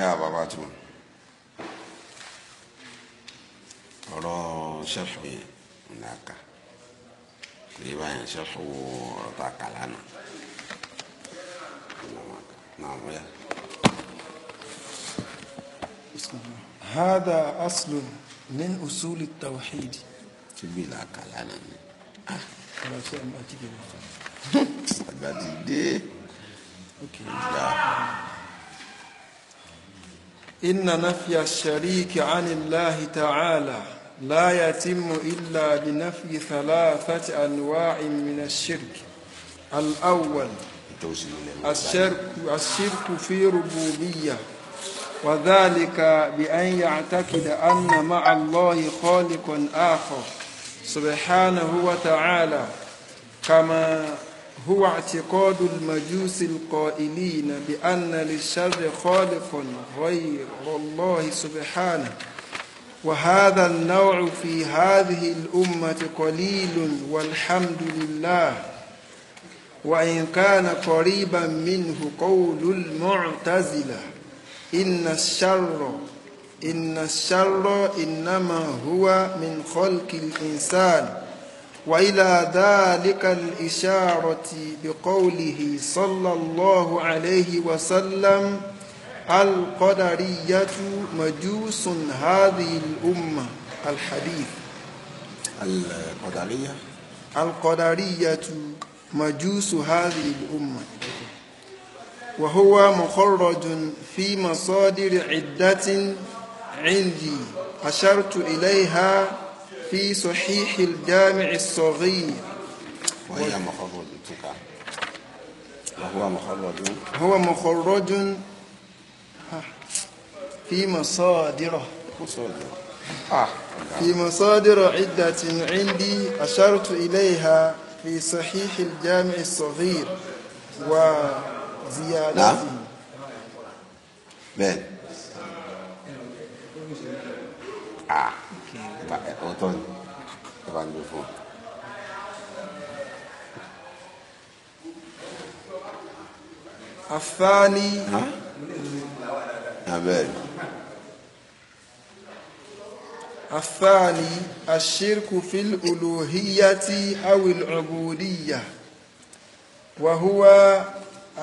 yá bàbá tó ọ̀rọ̀ ṣẹ́fù yẹn ńlá ká kò yẹ báyìí ṣẹ́fù ọ̀rọ̀ tá a lánàá náà wọ́n yá. هذا أصل من أصول التوحيد. تبي لا كلامنا. آه. أنا سأمأتي بالله. أبدي. أوكي. إن نفي الشريك عن الله تعالى لا يتم إلا بنفي ثلاثة أنواع من الشرك الأول الشرك, الشرك في ربوبية وذلك بأن يعتقد أن مع الله خالق آخر سبحانه وتعالى كما هو اعتقاد المجوس القائلين بأن للشر خالقا غير الله سبحانه وهذا النوع في هذه الأمة قليل والحمد لله وإن كان قريبا منه قول المعتزلة إن الشر إن الشر إنما هو من خلق الإنسان وإلى ذلك الإشارة بقوله صلى الله عليه وسلم القدرية مجوس هذه الأمة الحديث القدرية القدرية مجوس هذه الأمة وهو مخرج في مصادر عدة عندي أشرت إليها في صحيح الجامع الصغير وهي مخرج وهو مخرج هو مخرج في مصادره آه، نعم. في مصادر عدة عندي أشرت إليها في صحيح الجامع الصغير وزيادة نعم آه. ọ̀tọ̀ ni ẹ bá ń gbé fún ọ. afaani. abẹ́rẹ́. afaani ashirku fil uluhiyati awil ubudiyya wa huwa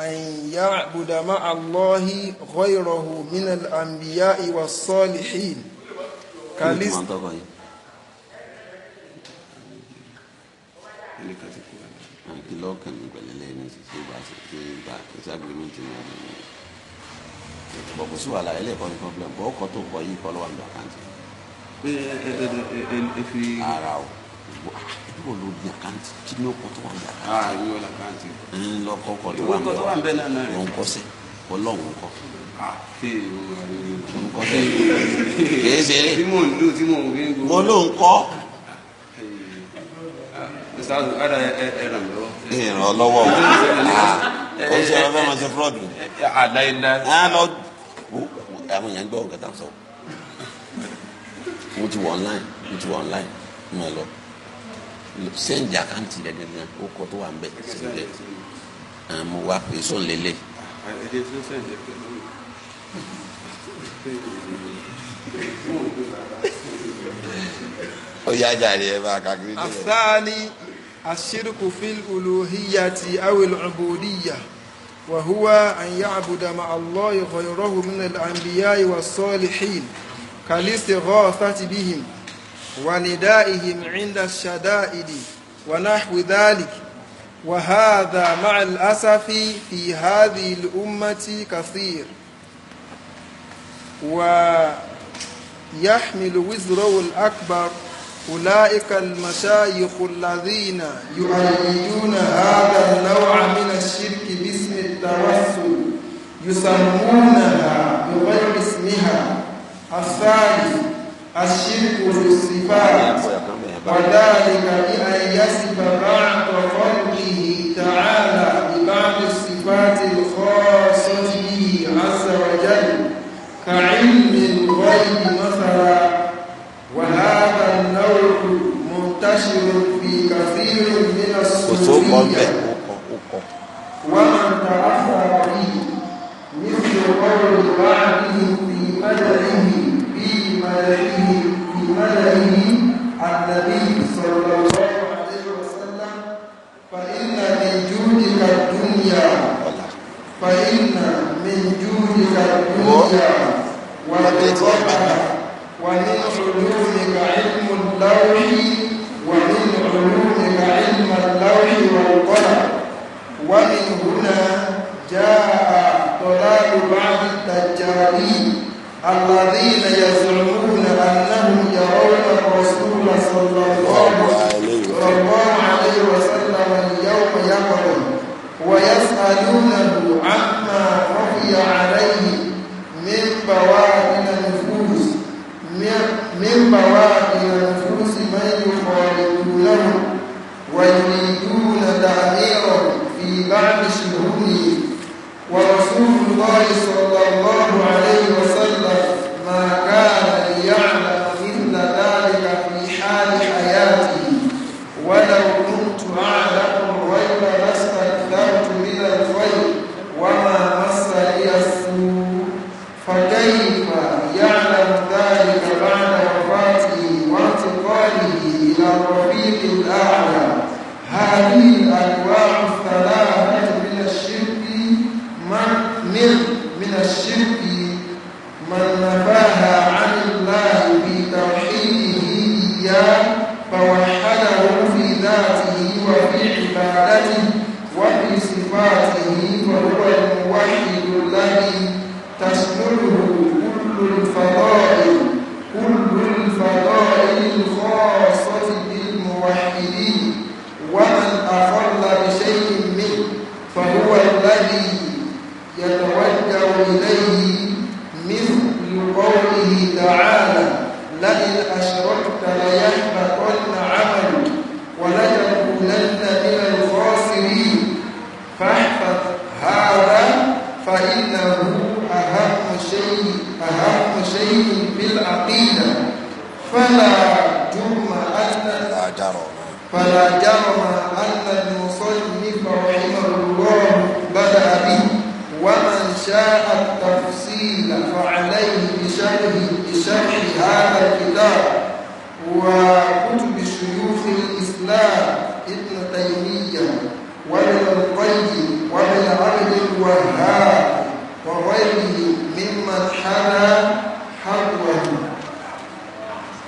an ya'buda ma'a Allahi ghayrahu min al-anbiya'i was-salihin. kàlísì. lọ́kàn mi pẹ̀lú ẹlẹ́yìn ní ṣe gbà ṣe gbà ìṣàgbémi ti mọ̀ ní bọ̀ kò sí wàhálà ẹlẹ́kọ̀ọ́ ní problem bọ̀ ọkọ̀ tó kọ yìí kọ́ ló wà ní àkáǹtì. ara o ìdúró ló ní àkáǹtì kí ni ọkọ̀ tó wà ní àkáǹtì. Ah, lọ́kọ̀ ọkọ̀ tó wà ní àkáǹtì ló ń kọ́sẹ̀ ọlọ́run kọ́. Ah, kì í ṣe é mo lóun kọ́ ìrànlọ́wọ́ o ah, ṣe ọ̀rọ̀ fẹ́ẹ́ máa ṣe fúlọ́ọ̀dù. àwọn èèyàn gbọ́ nǹkan tá a sọ mo ti wọ online mo ti wọ online mo lọ sẹ́ǹdì àkáǹtì rẹ̀ gẹ́gẹ́ ó kọ́ tó wà ń bẹ̀ sẹ́ǹdì ẹ̀ mo wá pé sọ̀n lélẹ̀. ó yájà rí ẹ bá kakiri dé. àṣà ni. الشرك في الألوهية أو العبودية وهو أن يعبد مع الله غيره من الأنبياء والصالحين كالاستغاثة بهم وندائهم عند الشدائد ونحو ذلك وهذا مع الأسف في هذه الأمة كثير ويحمل وزره الأكبر أولئك المشايخ الذين يؤيدون هذا النوع من الشرك باسم التوسل يسمونها بغير اسمها الثالث الشرك في الصفات وذلك بأن يصف بعض خلقه تعالى ببعض الصفات الخاصة به عز وجل كعلم الغيب مثلا منتشر في كثير من الصوفية ومن تأثر به مثل قول بعضهم في مدحه في مدحه في مدحه النبي صلى الله عليه وسلم فإن من جودك الدنيا فإن من جودك الدنيا والبقاء اللوح ومن علومك علم اللوح والقلم ومن هنا جاء طلاب بعض الدجالين الذين يزعمون انهم يرون الرسول صلى الله عليه وسلم اليوم يقرأ ويسألونه عما خفي عليه من بوائل النفوس من من بوادي نفوس من يخالف لهم ويريدون تعميرا في بعض شؤونه ورسول الله صلى الله عليه وسلم ما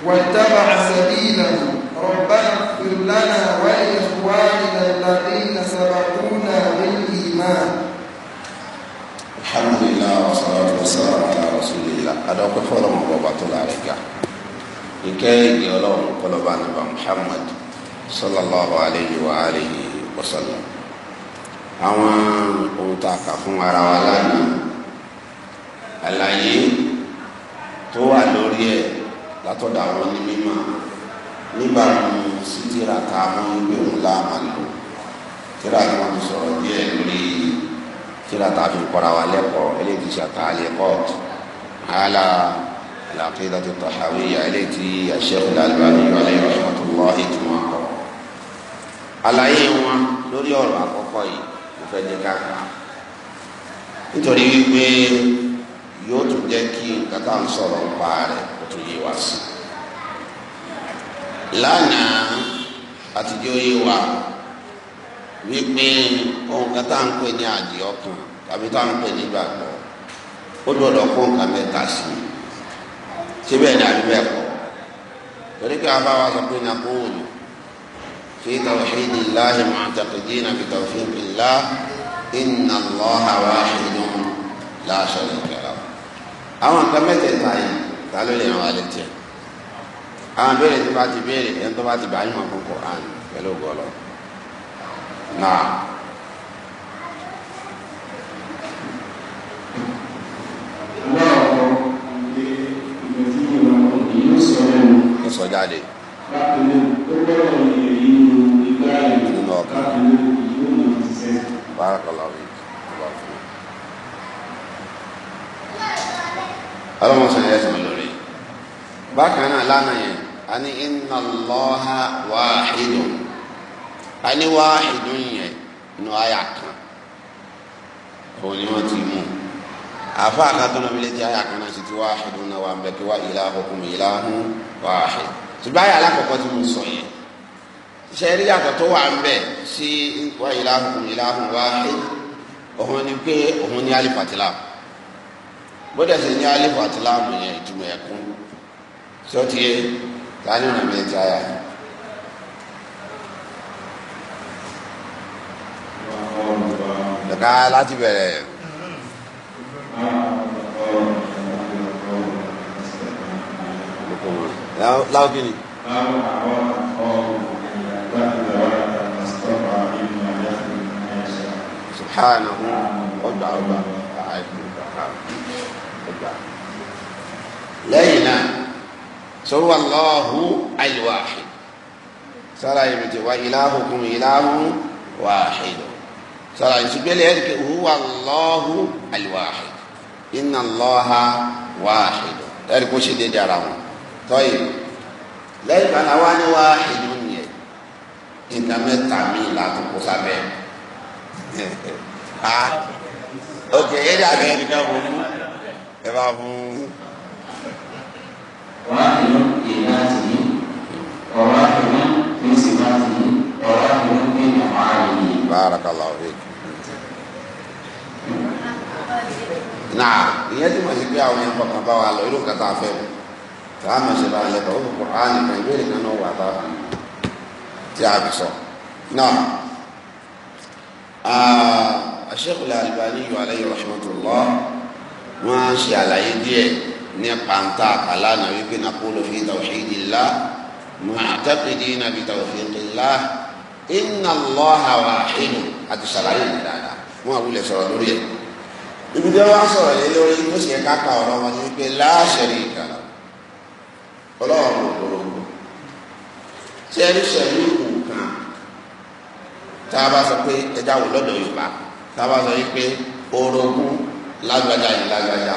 واتبع سبيله ربنا اغفر لنا ولإخواننا الذين سبقونا بالإيمان الحمد لله والصلاة والسلام على رسول الله أدعوك فلما بابات العرقة إكاي يولون قلبان محمد صلى الله عليه وآله وسلم àwọn ohun tá a kà fún ara wa lánàá àlàyé tó wà lórí ẹ̀ látọ̀dọ̀ àwọn onímọ̀ níbàámu sí tíra ká máa ń gbé òun láàmà lò tíra tí wọ́n ti sọ̀rọ̀ díẹ̀ lórí tíra tá a fi kọ́ra wa lẹ́kọ̀ọ́ eléyìí ti ṣe àtàlẹ́ kọ́ọ̀tù hàlà العقيدة الطحاوية التي الشيخ الألباني عليه رحمة الله تماما àlàyé wọn lórí ọ̀rọ̀ àkọ́kọ́ yìí kò fẹ́ jẹ́ ká nítorí wípé yóò tún jẹ́ kí nǹkan tá à ń sọ̀rọ̀ ń pa rẹ̀ wá sí. lánàá àtijọ́ yé wa wípé ohun kan tá à ń pè ní àdì ọkàn tàbí tá à ń pè ní ìgbàgbọ́ ó gbọ́dọ̀ kó nǹkan mẹ́ta sí i síbẹ̀ ní àbí bẹ́ẹ̀ kọ́ torí pé abá wa sọ pé ní akóòlù fi tawhidi llahi mu'taqidina fi tawhidi llah inna allaha wahidun la sharika lahu àwọn nǹkan mẹ́tẹ̀ẹ̀ta yìí ta ló lè ràn wá létí ẹ̀ àwọn béèrè tó bá ti béèrè ẹni tó bá ti bá yín wọn fún Qur'an pẹ̀lú ògbọ́lọ́ náà. ń sọ jáde. nínú ọkàn bárakàlá wíìkì tó bá fún un. ọlọ́mọ sọ yẹn sọ lórí bákan náà lánàá yẹn a ní inna Allaha wahidun a ní wahidun yẹn inú àyà kan òun ni wọ́n ti mú àfa àkàtúntò bíi létí àyà kan náà sì ti wahidun náà wà ń bẹ kí wá ilahukum ilahun wahid ṣùgbọ́n àyà alákọ̀ọ́kọ́ tí mo sọ yẹn sẹ́rí yàtọ̀ tó wà ń sí wá ìlàhùn ìlàhùn wahid òun ni pé òun ní alifatila bó dẹ̀ sì ní alifatila mu yẹn ìtumọ̀ ẹ̀kún sọtí yẹ tani ọ̀nà mi ta ya. Lọ́ka láti bẹ̀rẹ̀. Láwọn kìíní. Subhanahu ọgbà ọgbà sọ̀rọ̀ Allahu al-wahid sára ibi tí wá ilahukum ilahu wahid sára ìṣùgbẹ́lẹ̀ ẹ̀rí pé huwa Allahu al-wahid inna Allaha wahid ẹ̀rí kó ṣe déédéé ara wọn tọ́yì lẹ́yìn kan àwa ni wahid nìyẹn nǹkan mẹ́ta mi làtúkọ̀ sábẹ́ ah, ok ẹ̀rí àgbẹ̀ ẹ̀rí kan fún ẹ bá fún barakallahu fiik naa ìyẹn tí mo ti gbé àwọn yẹn kọkàn bá wa lọ irú nǹkan tá a fẹ́ tá a máa ṣe bá lẹ́kọ̀ọ́ ó kò á nìkan ìwé nìkan náà wà tá tí a fi sọ náà Sheikh al-Albani alayhi rahmatullah wọ́n á ṣe àlàyé díẹ̀ nípa ń ta àkàlà náà wípé nàkúlò fi tawhidillah mu'taqidina bi tawhidillah inna Allaha wahidun àti sàlàyé mi dáadáa wọn àwùlẹ̀ sọ̀rọ̀ lórí ẹ̀. ibi tí wọ́n sọ̀rọ̀ lé lórí ló sì yẹ ká ka ọ̀rọ̀ wọn wípé la sharika lahu ọlọ́wọ́ kò kúrò kú sẹ́rí sẹ́rí kù tá a bá sọ pé ẹja wò lọ́dọ̀ Yorùbá tá a bá sọ yìí pé orogún lágbájá yìí lágbájá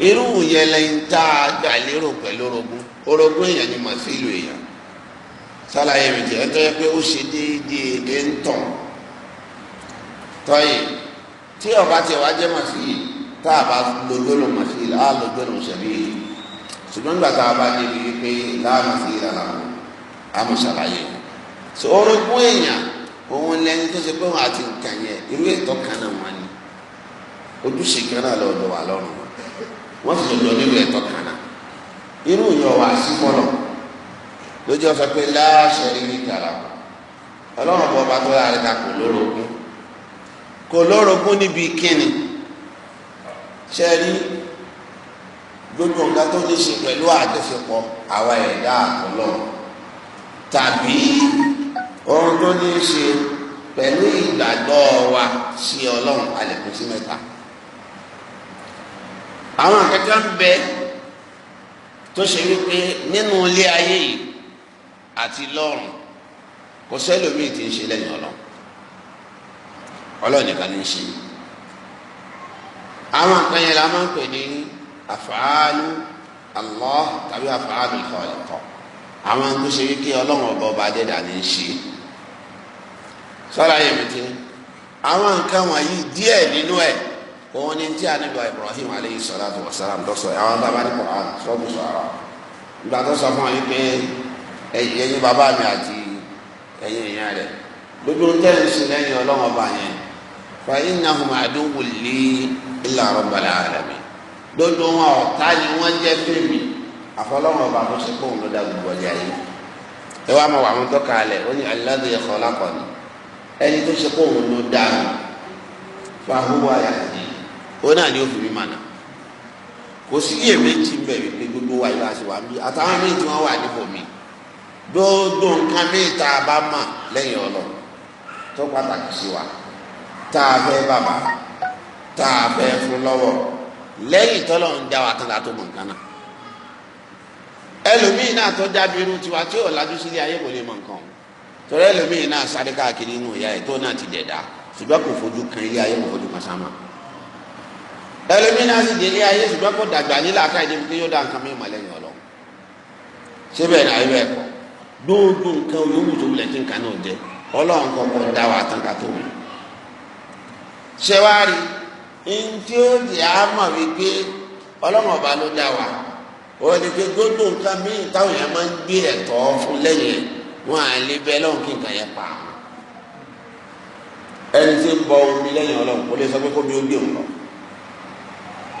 irú yẹn lẹ́yìn tá a gbà lérò pẹ̀lú orogún orogún èèyàn ni mà sí ìlú èèyàn sálàyé mi jẹ́ ẹ́ tó yẹ pé ó ṣe déédéé ẹ̀ ń tàn tọ́yì tí ọba tí ọba jẹ́ màsíyì tá a bá lójó ló màsíyì là á lójó ló ṣẹ̀bí ṣùgbọ́n nígbà tá a bá débi wípé láàmú sí i á mọ̀ ṣàlàyé so orogún èèyàn òun lẹni tó ṣe pé wọn àti nǹkan yẹn irú ètò kan náà wọn ni ojúṣe kan náà lọ́dọ̀ wà lọ́rùn wọ́n sì lọ́jọ́ nínú ẹ̀tọ́ kan náà irú yẹn wà sí fọlọ́ lójú ọ̀sẹ̀ pé láṣẹ nínú ìtara ọlọ́run bọ́ bá tó láàrin ta kò lórogún kò lórogún níbi kíni ṣe rí gbogbo nǹkan tó ní ṣe pẹ̀lú àjọṣepọ̀ àwa ẹ̀dá àkọlọ́ tàbí ohun tó ní ṣe pẹ̀lú ìgbàgbọ́ wa sí ọlọ́run alẹ́kùn sí mẹ́ta àwọn kankan bẹ tó ṣe wípé nínú ilé ayé yìí àti lọ́run kò sẹ́lòmíì tí ń ṣe lẹ́yìn ọlọ́run ọlọ́run nìkan ní í ṣe àwọn kan yẹn la máa ń pè ní àfààlù Allah tàbí àfààlù ìkọ̀ọ̀lẹ̀kọ̀ àwọn tó ṣe wípé ọlọ́run ọba ọba adẹ́dà ní í ṣe sọ́ra yẹn mi ti àwọn nǹkan wọ̀nyí díẹ̀ nínú ẹ̀ òun ni tí anabi ibrahim aleyhi salatu wa salam dọ́sọ̀ àwọn bàbá ní quran sọ́ọ́bù sọ̀rọ̀ ìgbà tó sọ fún wa wípé ẹ̀yin bàbá mi àti ẹ̀yin ìyá rẹ̀ gbogbo tẹ́lẹ̀sì lẹ́yìn ọlọ́wọ́n bá yẹn fa innahum aduwwu li illa rabbil alamin gbogbo wọn ọ̀tá ni wọ́n jẹ́ fèmí àfọlọ́wọ́n bá tó ṣe kóun ló dá gbogbo ọjà yìí ẹ wá máa wà wọn tọ́ka ó ní aládùn ẹ̀kọ́ lápọ̀nì ẹni tó ṣe kóun ló dáa fún ahúwá yàtọ̀ ó ni fi mi mànà kò sí iye méjì ń wípé gbogbo wa yóò àṣìwà ń bí àtàwọn míì tí wọ́n wà nípò mi gbogbo nǹkan míì tá a bá mà lẹ́yìn ọlọ tó pàtàkì sí wa tá a fẹ́ bàbá tá a fún lọ́wọ́ lẹ́yìn tọ́lọ̀ ń já wa tán láti mọ̀ nǹkan náà ẹlòmíì náà tó tiwa tí ò lajú sílé ayé kò lè mọ̀ nǹkan torí ẹlòmíì náà sáré káàkiri inú ìyá tó náà ti dẹ̀ ẹlòmínà sì délé ayé ṣùgbọ́n kò dàgbà nílà ká ìdí pé yóò dá nǹkan mímọ lẹ́yìn ọ̀lọ́ síbẹ̀ náà ibẹ̀ kọ́ gbogbo nǹkan yòówù tó wulẹ̀ kí nǹkan náà jẹ ọlọ́run kọ̀ọ̀kan dá wa tán ká tó wù. ṣé wàá ó jẹ́ àmọ̀ wípé ọlọ́run ọba ló dá wa ó ní pé gbogbo nǹkan míì táwọn èèyàn máa ń gbé ẹ̀tọ́ fún lẹ́yìn wọn à lè bẹ lọ́hùn kí nǹkan yẹn pa ẹni tí ń bọ omi lẹ́yìn ọlọ́run kò lè sọ pé kó mi ó gbé òun lọ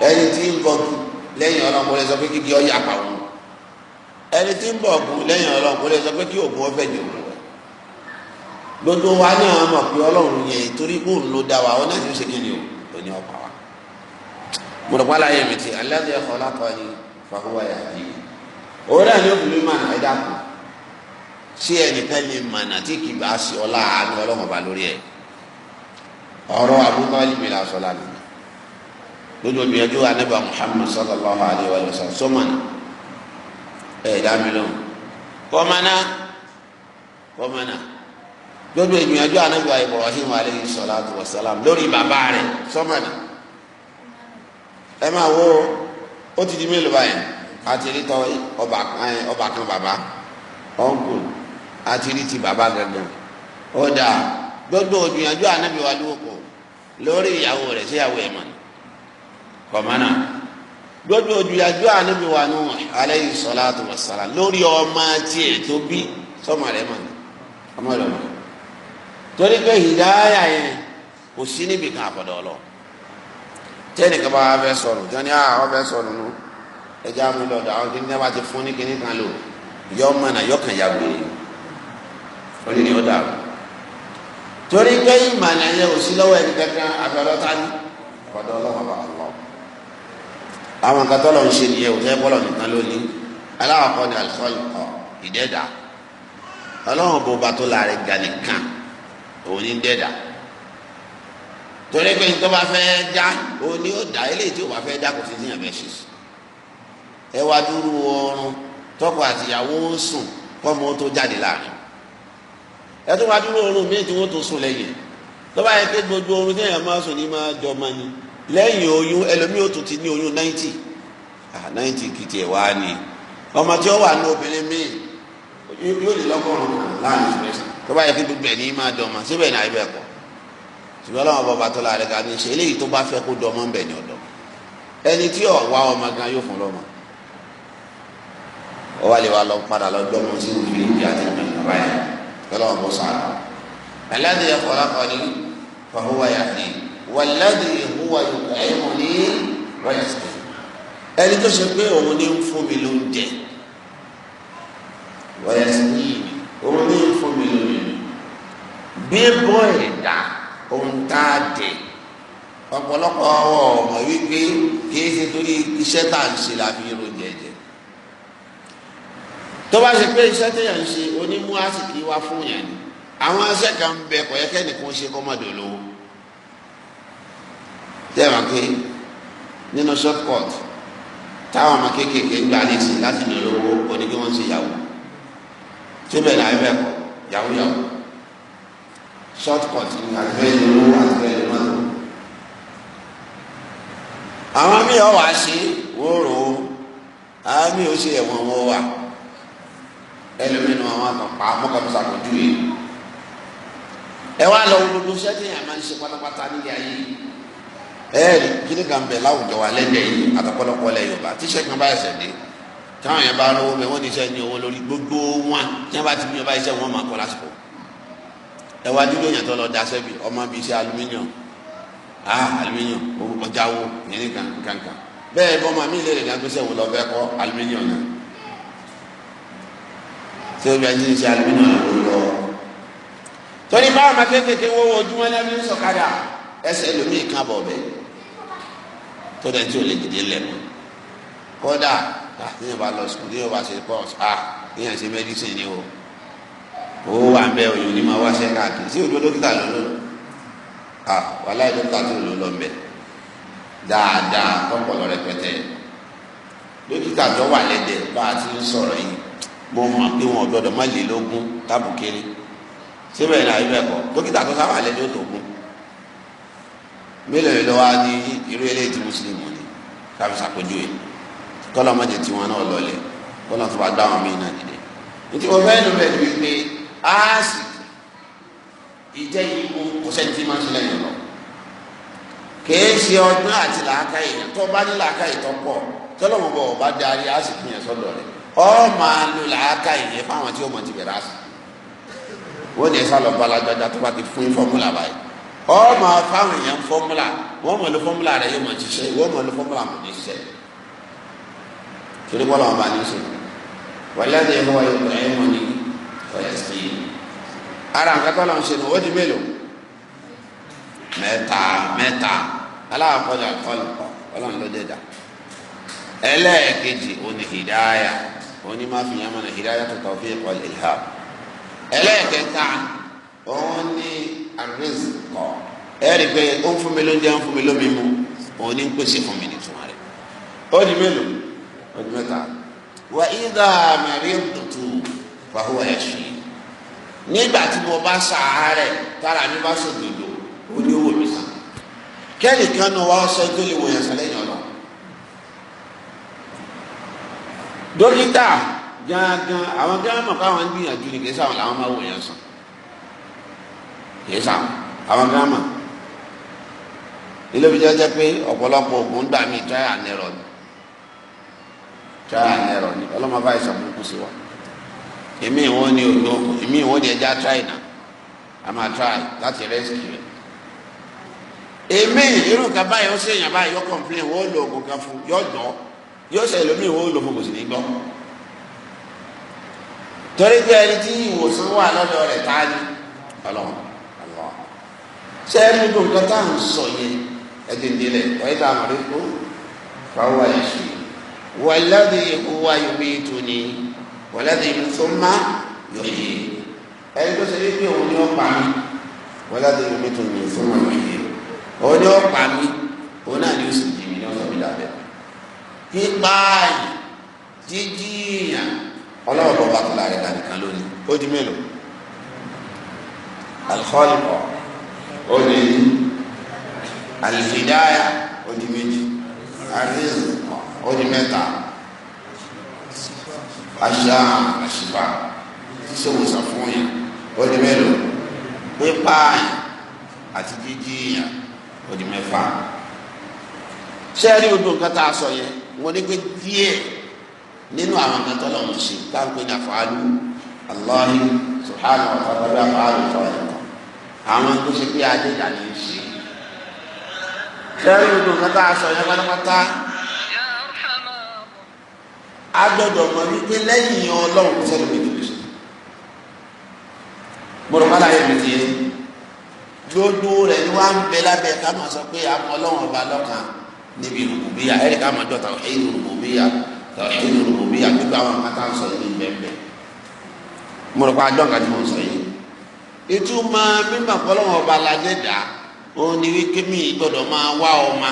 ẹni tí ń bọ̀ kú lẹ́yìn ọlọ́run kò lè sọ pé kíkí ọ yà pa òun ẹni tí ń bọ̀ kú lẹ́yìn ọlọ́run kò lè sọ pé kí òògùn ọ fẹ́ jù òun rẹ̀ gbogbo wa náà mọ̀ pé ọlọ́run yẹn torí kó ń lo da wa ọ náà ti ń ṣe kí ni o ò ní ọkọ̀ wa. mo rò pálá yẹn mi ti aláàbẹ̀ ẹ̀kọ́ lápá ni fàkúwà yà á yìí òun náà ni obìnrin máa náà dà kú ṣé ẹnìkan lè mà náà tí kì í bá ṣe ọlá àánú ọlọ́run ọba lórí ẹ̀ ọ̀rọ̀ àbúkọ́ yìí mi là sọ lánàá lójú ìgbìyànjú anábà Muhammad sallallahu alayhi wa sallam sọmọnà ẹ dámilóhùn kọmọnà kọmọnà lójú ìgbìyànjú anábà Ibrahim alayhi salatu wa salam lórí bàbá rẹ sọmọnà ẹ máa wo ó ti di mélòó báyìí àti rí tọ ọba ọba kan bàbá ọ̀nkù àti rí ti bàbá gangan ọ̀dà gbogbo ìgbìyànjú anábì wa lóko lórí ìyàwó rẹ síyàwó ẹ̀ mọ̀nà kọ̀mánà lójú ojúyàjú ànábi wa nù alayhi salatu wa salam lórí ọmọ tiẹ̀ tó bí sọmọ rẹ̀ mọ̀ ní ọmọ rẹ̀ mọ̀ torí pé hìdáyà yẹn kò sí níbi kan àbọ̀dọ̀ ọlọ tẹ́nìkan bá fẹ́ sọ̀rọ̀ jọ́ni àwọn ah, fẹ́ sọ̀rọ̀ nù ẹja mi lọ́dọ̀ àwọn tí nígbà tí fún ní kíní lò yọ mọ̀nà yọ kàn yàgò yìí orí ni ó dàrú torí pé ìmọ̀nà yẹn ò sí lọ́wọ́ ẹni kankan àbẹ̀rẹ̀ ọ̀tá ni ọlọ́wọ́ bá àwọn nǹkan tọ́lọ̀ ń ṣe nìyẹn ò tẹ́ bọ́lọ̀ nìkan ló ní aláwọ̀kọ́ ni àlùkò ìdẹ́dà ọlọ́run bó ba tó la rẹ̀ ga nìkan òun ní dẹ́dà torí pé nítorí bá fẹ́ dá òun ni ó dá eléyìí tí ó bá fẹ́ dá kò sí ní ẹ̀mẹ́ ṣe ẹ wá dúró oorun tọkọ àtìyàwó ń sùn kọ́mọ tó jáde láàrin ẹ tó wá dúró oorun míì tí wọ́n tó sùn lẹ́yìn tó bá yẹ pé gbogbo oorun tí èèyàn máa sùn ní máa jọ máa ní lẹ́yìn oyún ẹlòmíì ó tún ti ní oyún ninety ah ninety kìtì ẹ̀ wá ni ọmọ tí ó wà ní obìnrin míì yóò lè lọ́gọ́rùn-ún láàrin tó bá yẹ kí gbogbo ẹ̀ ní máa dọ̀mọ́ síbẹ̀ ní àyẹ̀bẹ̀ kọ́ ṣùgbọ́n láwọn bàbá tó la rẹ̀ ká ní ṣe eléyìí tó bá fẹ́ kó dọmọ ń bẹ̀ ní ọ̀dọ́ ẹni tí ó wá ọmọ gan yóò fún lọ́mọ ó wá lè wá lọ padà lọ dọmọ sí òfin ìdí àti ìgbìmọ̀ báyìí kí ọlọ́wọ́n bọ́ sáà ẹlẹ́dẹ̀ẹ́ kọ́ lápá ní fàhùwà yàtì wàlẹ́dì ìhùwà yòókù ẹ̀mọ́ ní wẹ́ẹ̀sì ẹni tó ṣe pé òun ní ń fún mi lóúnjẹ wẹ́ẹ̀sì yìí òun ní ń fún mi lóúnjẹ bíbọ̀ ẹ̀dá òun tá a dé ọ̀pọ̀lọpọ̀ ọwọ́ ọmọ wípé kìí ṣe torí iṣẹ́ tá à ń ṣe làbí oúnjẹ jẹ tó bá ṣe pé iṣẹ́ téèyàn ń ṣe onímú àsìkí wá fún yẹn ni àwọn aṣẹ́ kan ń bẹ kọ̀yẹ́kẹ́ nìkan ṣe kọ́mọdé olówó. tẹ́wọ̀n pé nínú shortcut táwọn ọmọ kéékèèké ń gbà léṣe láti lè lówó oníkí wọ́n ṣe yàwó tí náà bẹ́ẹ̀ kọ́ yàwó yàwó shortcut ni àgbẹ̀ lówó àgbẹ̀ lówó. àwọn míì ọ̀ wá ṣe wóró àwọn míì ó ṣe ẹ̀wọ̀n wọ́n wà ẹlòmínú àwọn àtọ̀pá mọ́kànlá kò yìí ẹ wá lọ gbogbo máa ń ṣe pátápátá nílé ayé yìí. ẹ̀ẹ́dì kíní kan bẹ̀ láwùjọ wa lẹ́dẹ̀ yìí àtọ̀pọ̀lọpọ̀ lẹ̀ yorùbá tíṣẹ́ kan bá ẹsẹ̀ dé táwọn yẹn bá lówó bẹ wọ́n ní iṣẹ́ ní owó lórí gbogbo wọn tí wọ́n bá ti ní ọba iṣẹ́ wọn máa kọ́ lásìkò ẹwà dídò yẹn tó lọ da sẹ́bi ọmọ bíi iṣẹ́ aluminium ah aluminium ọjà wo kíní kankan bẹ́ẹ̀ bọ́ ma mí lè rìn agbésẹ̀ wò lọ bẹ́ẹ̀ kọ́ náà tí o bẹ ní iṣẹ́ aluminium náà ló lọ torí báwọn akékèké wo ojúmọ́ lẹ́nu sọ̀kadà ẹsẹ̀ lómi kan bẹ́ẹ̀ tó dẹ̀ tí o lè dìde lẹ́nu kódà àtúnyẹ̀ bá lọ sùkúl ní yorùbá ṣe pọ̀ à kéèyàn ṣe mẹ́dísìn ni o owó wà ń bẹ òyìn ní máa wáṣẹ́ káàkiri sí ojú dókítà ló lò à wàhálà dókítà tó lò lọ mbẹ dáadáa tọpọlọ rẹpẹtẹ dókítà tó wà lẹ́dẹ̀ bá a ti ń sọ̀rọ̀ yìí mo mọ̀ pé wọn gbọ́dọ̀ má lè lógún tábùkiri síbẹ̀ ní àyùbẹ̀ kọ dókítà tó sáwà lẹ́dẹ̀ ó tó gún mélòó yìí ló wá ní irú eléyìí tí mùsùlùmí ni káfí sàpèjúwe kọ́lọ́ mọ́jẹ tí wọn náà lọlẹ̀ kọ́lọ́ tó bá gbá wọn míì náà dìde. nítí wọ́n fẹ́ nu bẹ́ẹ̀ bíi pé aásì ìjẹ́ yìí kó kó sẹ́ni tí máa ń ṣẹlẹ̀ yẹn lọ. kèé ṣe ọdún àti làákàyè tó bá ní làákàyè tó pọ̀ tọ́lọ́mọ bọ̀ bá darí aásì fún yẹn sọ́dọ̀ rẹ̀ ọ́ máa lo làákàyè yẹn fáwọn tí ó mọ̀ ti bẹ̀rẹ̀ aásì. wọ́n ní ẹ sá lọ bá alágbádá tó bá ti fún fọ́múlà báyìí ọmọ afáwọn èèyàn fọmúlà wọn mọ ní fọmúlà rẹ yóò mọ ṣiṣẹ́ wọn mọ ní fọmúlà mọ ní ṣiṣẹ́ torí bọlá wọn bá ní sùn wàlẹ́dẹ̀ yẹn wọ́n yóò ẹ̀ mọ ní ọ̀yà sí i ara nǹkan tó lọ́n ṣe ní wọ́n di mélòó mẹ́ta mẹ́ta aláàkọ́jà kọ́lùkọ́ ọlọ́run ló dé dà ẹlẹ́ẹ̀kejì òní hìdáyà òní máa fi yàn mọ́ ní hìdáyà tó tọ́ fi ẹ̀kọ́ ilham ẹlẹ́ẹ̀kẹta òun rizqa ẹ rí i pé ó ń fún mi lóúnjẹ ó ń fún mi lómi mu òun ní ń pèsè fún mi nìtumọ̀ rẹ̀ ó di mélòó ó di mẹ́ta wa idha maridtu fa huwa yashfi nígbà tí mo bá sàárẹ̀ tára mi bá sòdodo ó ní owó mi sàn kẹ́nìkan náà wá sọ tó lè wòyàn sàlẹ̀yìn ọ̀nà dókítà gángan àwọn gángan mọ̀ káwọn ń gbìyànjú nìkan sáwọn làwọn máa wòyàn sàn kìí sà àwọn gírámà ilé ibi jẹ́ jẹ́ pé ọ̀pọ̀lọpọ̀ oògùn gbà mí tíráyà nẹ̀rọ ni tíráyà nẹ̀rọ ni ọlọ́mọ bá ìsàn burúkú sí wa èmi ìwọ́n ni òdo èmi ìwọ́n ni ẹja tíráyà náà a máa tíráyà láti rẹ́sìkì rẹ̀ èmi irú nǹkan báyìí ó sì èèyàn báyìí yóò kọ̀ǹpilẹ̀ wọ́n lo oògùn kan fún yóò dọ̀ yóò ṣe ìlú míì wọ́n lo fún kò ní gbọ́ torí pé ẹni tí ìwòsàn wà lọ́dọ̀ rẹ̀ tá a ní ọlọ́run ṣé ẹ mú nǹkan tá à ń sọ yẹn ẹdín délẹ̀ wáyé tá a mọ̀ rí kó fáwọn àyèsí wàlẹ́dì ìhùwà ìwé ètò ni wàlẹ́dì ìmùsùnmá yòóyè ẹni tó ṣe wípé òun ni ó pa mí wàlẹ́dì ìmùsùn ni ìmùsùnmá yòóyè òun ni ó pa mí òun náà ni ó sì jì mí ní ọ̀sán mi lábẹ́ pípa yìí jíjí yàn ọlọ́run bọ́ bàtà láàrin dànìkan lónìí ó di mélòó alikọ́lì kọ́ ó di alifidaya ó di méjì ariz ó di mẹ́ta aṣa àṣìbá sísòwòsàn fún yìí ó di mélòó pípa àti jíjí yàn ó di mẹ́fà ṣé ẹ rí gbogbo nǹkan tá a sọ yẹn wọ́n ní pé díẹ̀ nínú àwọn kan tọ́lọ̀ ń ṣe táwọn pé ní àfààlú aláhi subhanahu wa ta'ala àfààlú fààlú kan àwọn tó ṣe pé adéjà ní í ṣe kẹrin odò kátà aṣọ yẹn pátápátá a gbọ́dọ̀ mọ̀ wípé lẹ́yìn Ọlọ́run kò sẹ́ni mi níbi gbọ́dọ̀ bá láyé mi tiẹ̀ gbogbo rẹ̀ ni wọ́n á ń bẹ lábẹ́ ká máa sọ pé àwọn Ọlọ́run ọba lọ́kàn níbi rùbùbíyà ẹ̀rí ká máa jọ tàwọn ẹ̀yìn rùbùbíyà tàwọn ẹ̀yìn rùbùbíyà gbogbo àwọn kátà ń sọ yìí bẹ́ẹ̀ bẹ́ẹ̀ mo rò pé adọ́ǹkà tí mo ń sọ yìí. i t'ụmaa fọlọ́wọ́n ọba aládé dá o ni mi gbọ́dọ̀ máa wá ọmọ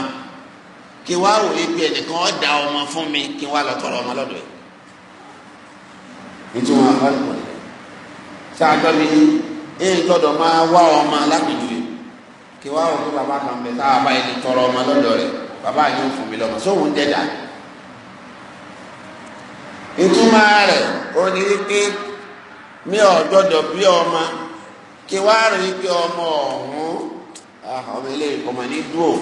kí wá wò wípé ẹnìkan ó ọmọ fún mi kí wá lọ tọrọ ọmọ lọ́dọ̀ ẹ̀. ìtumọ̀ fọlọ́wọ́n ọba ṣáàgbọ́n mi ní gbọ́dọ̀ máa wá ọmọ kí wò bàbá kan bẹ sáà bá ẹni tọrọ ọmọ lọ́dọ̀ bàbá yóò fún mi lọ́mọ sóhun rẹ̀ mi gbọ́dọ̀ bí ọmọ kí wá rí pé ọmọ ọ̀hún ọmọ ilé ọmọ ní dúró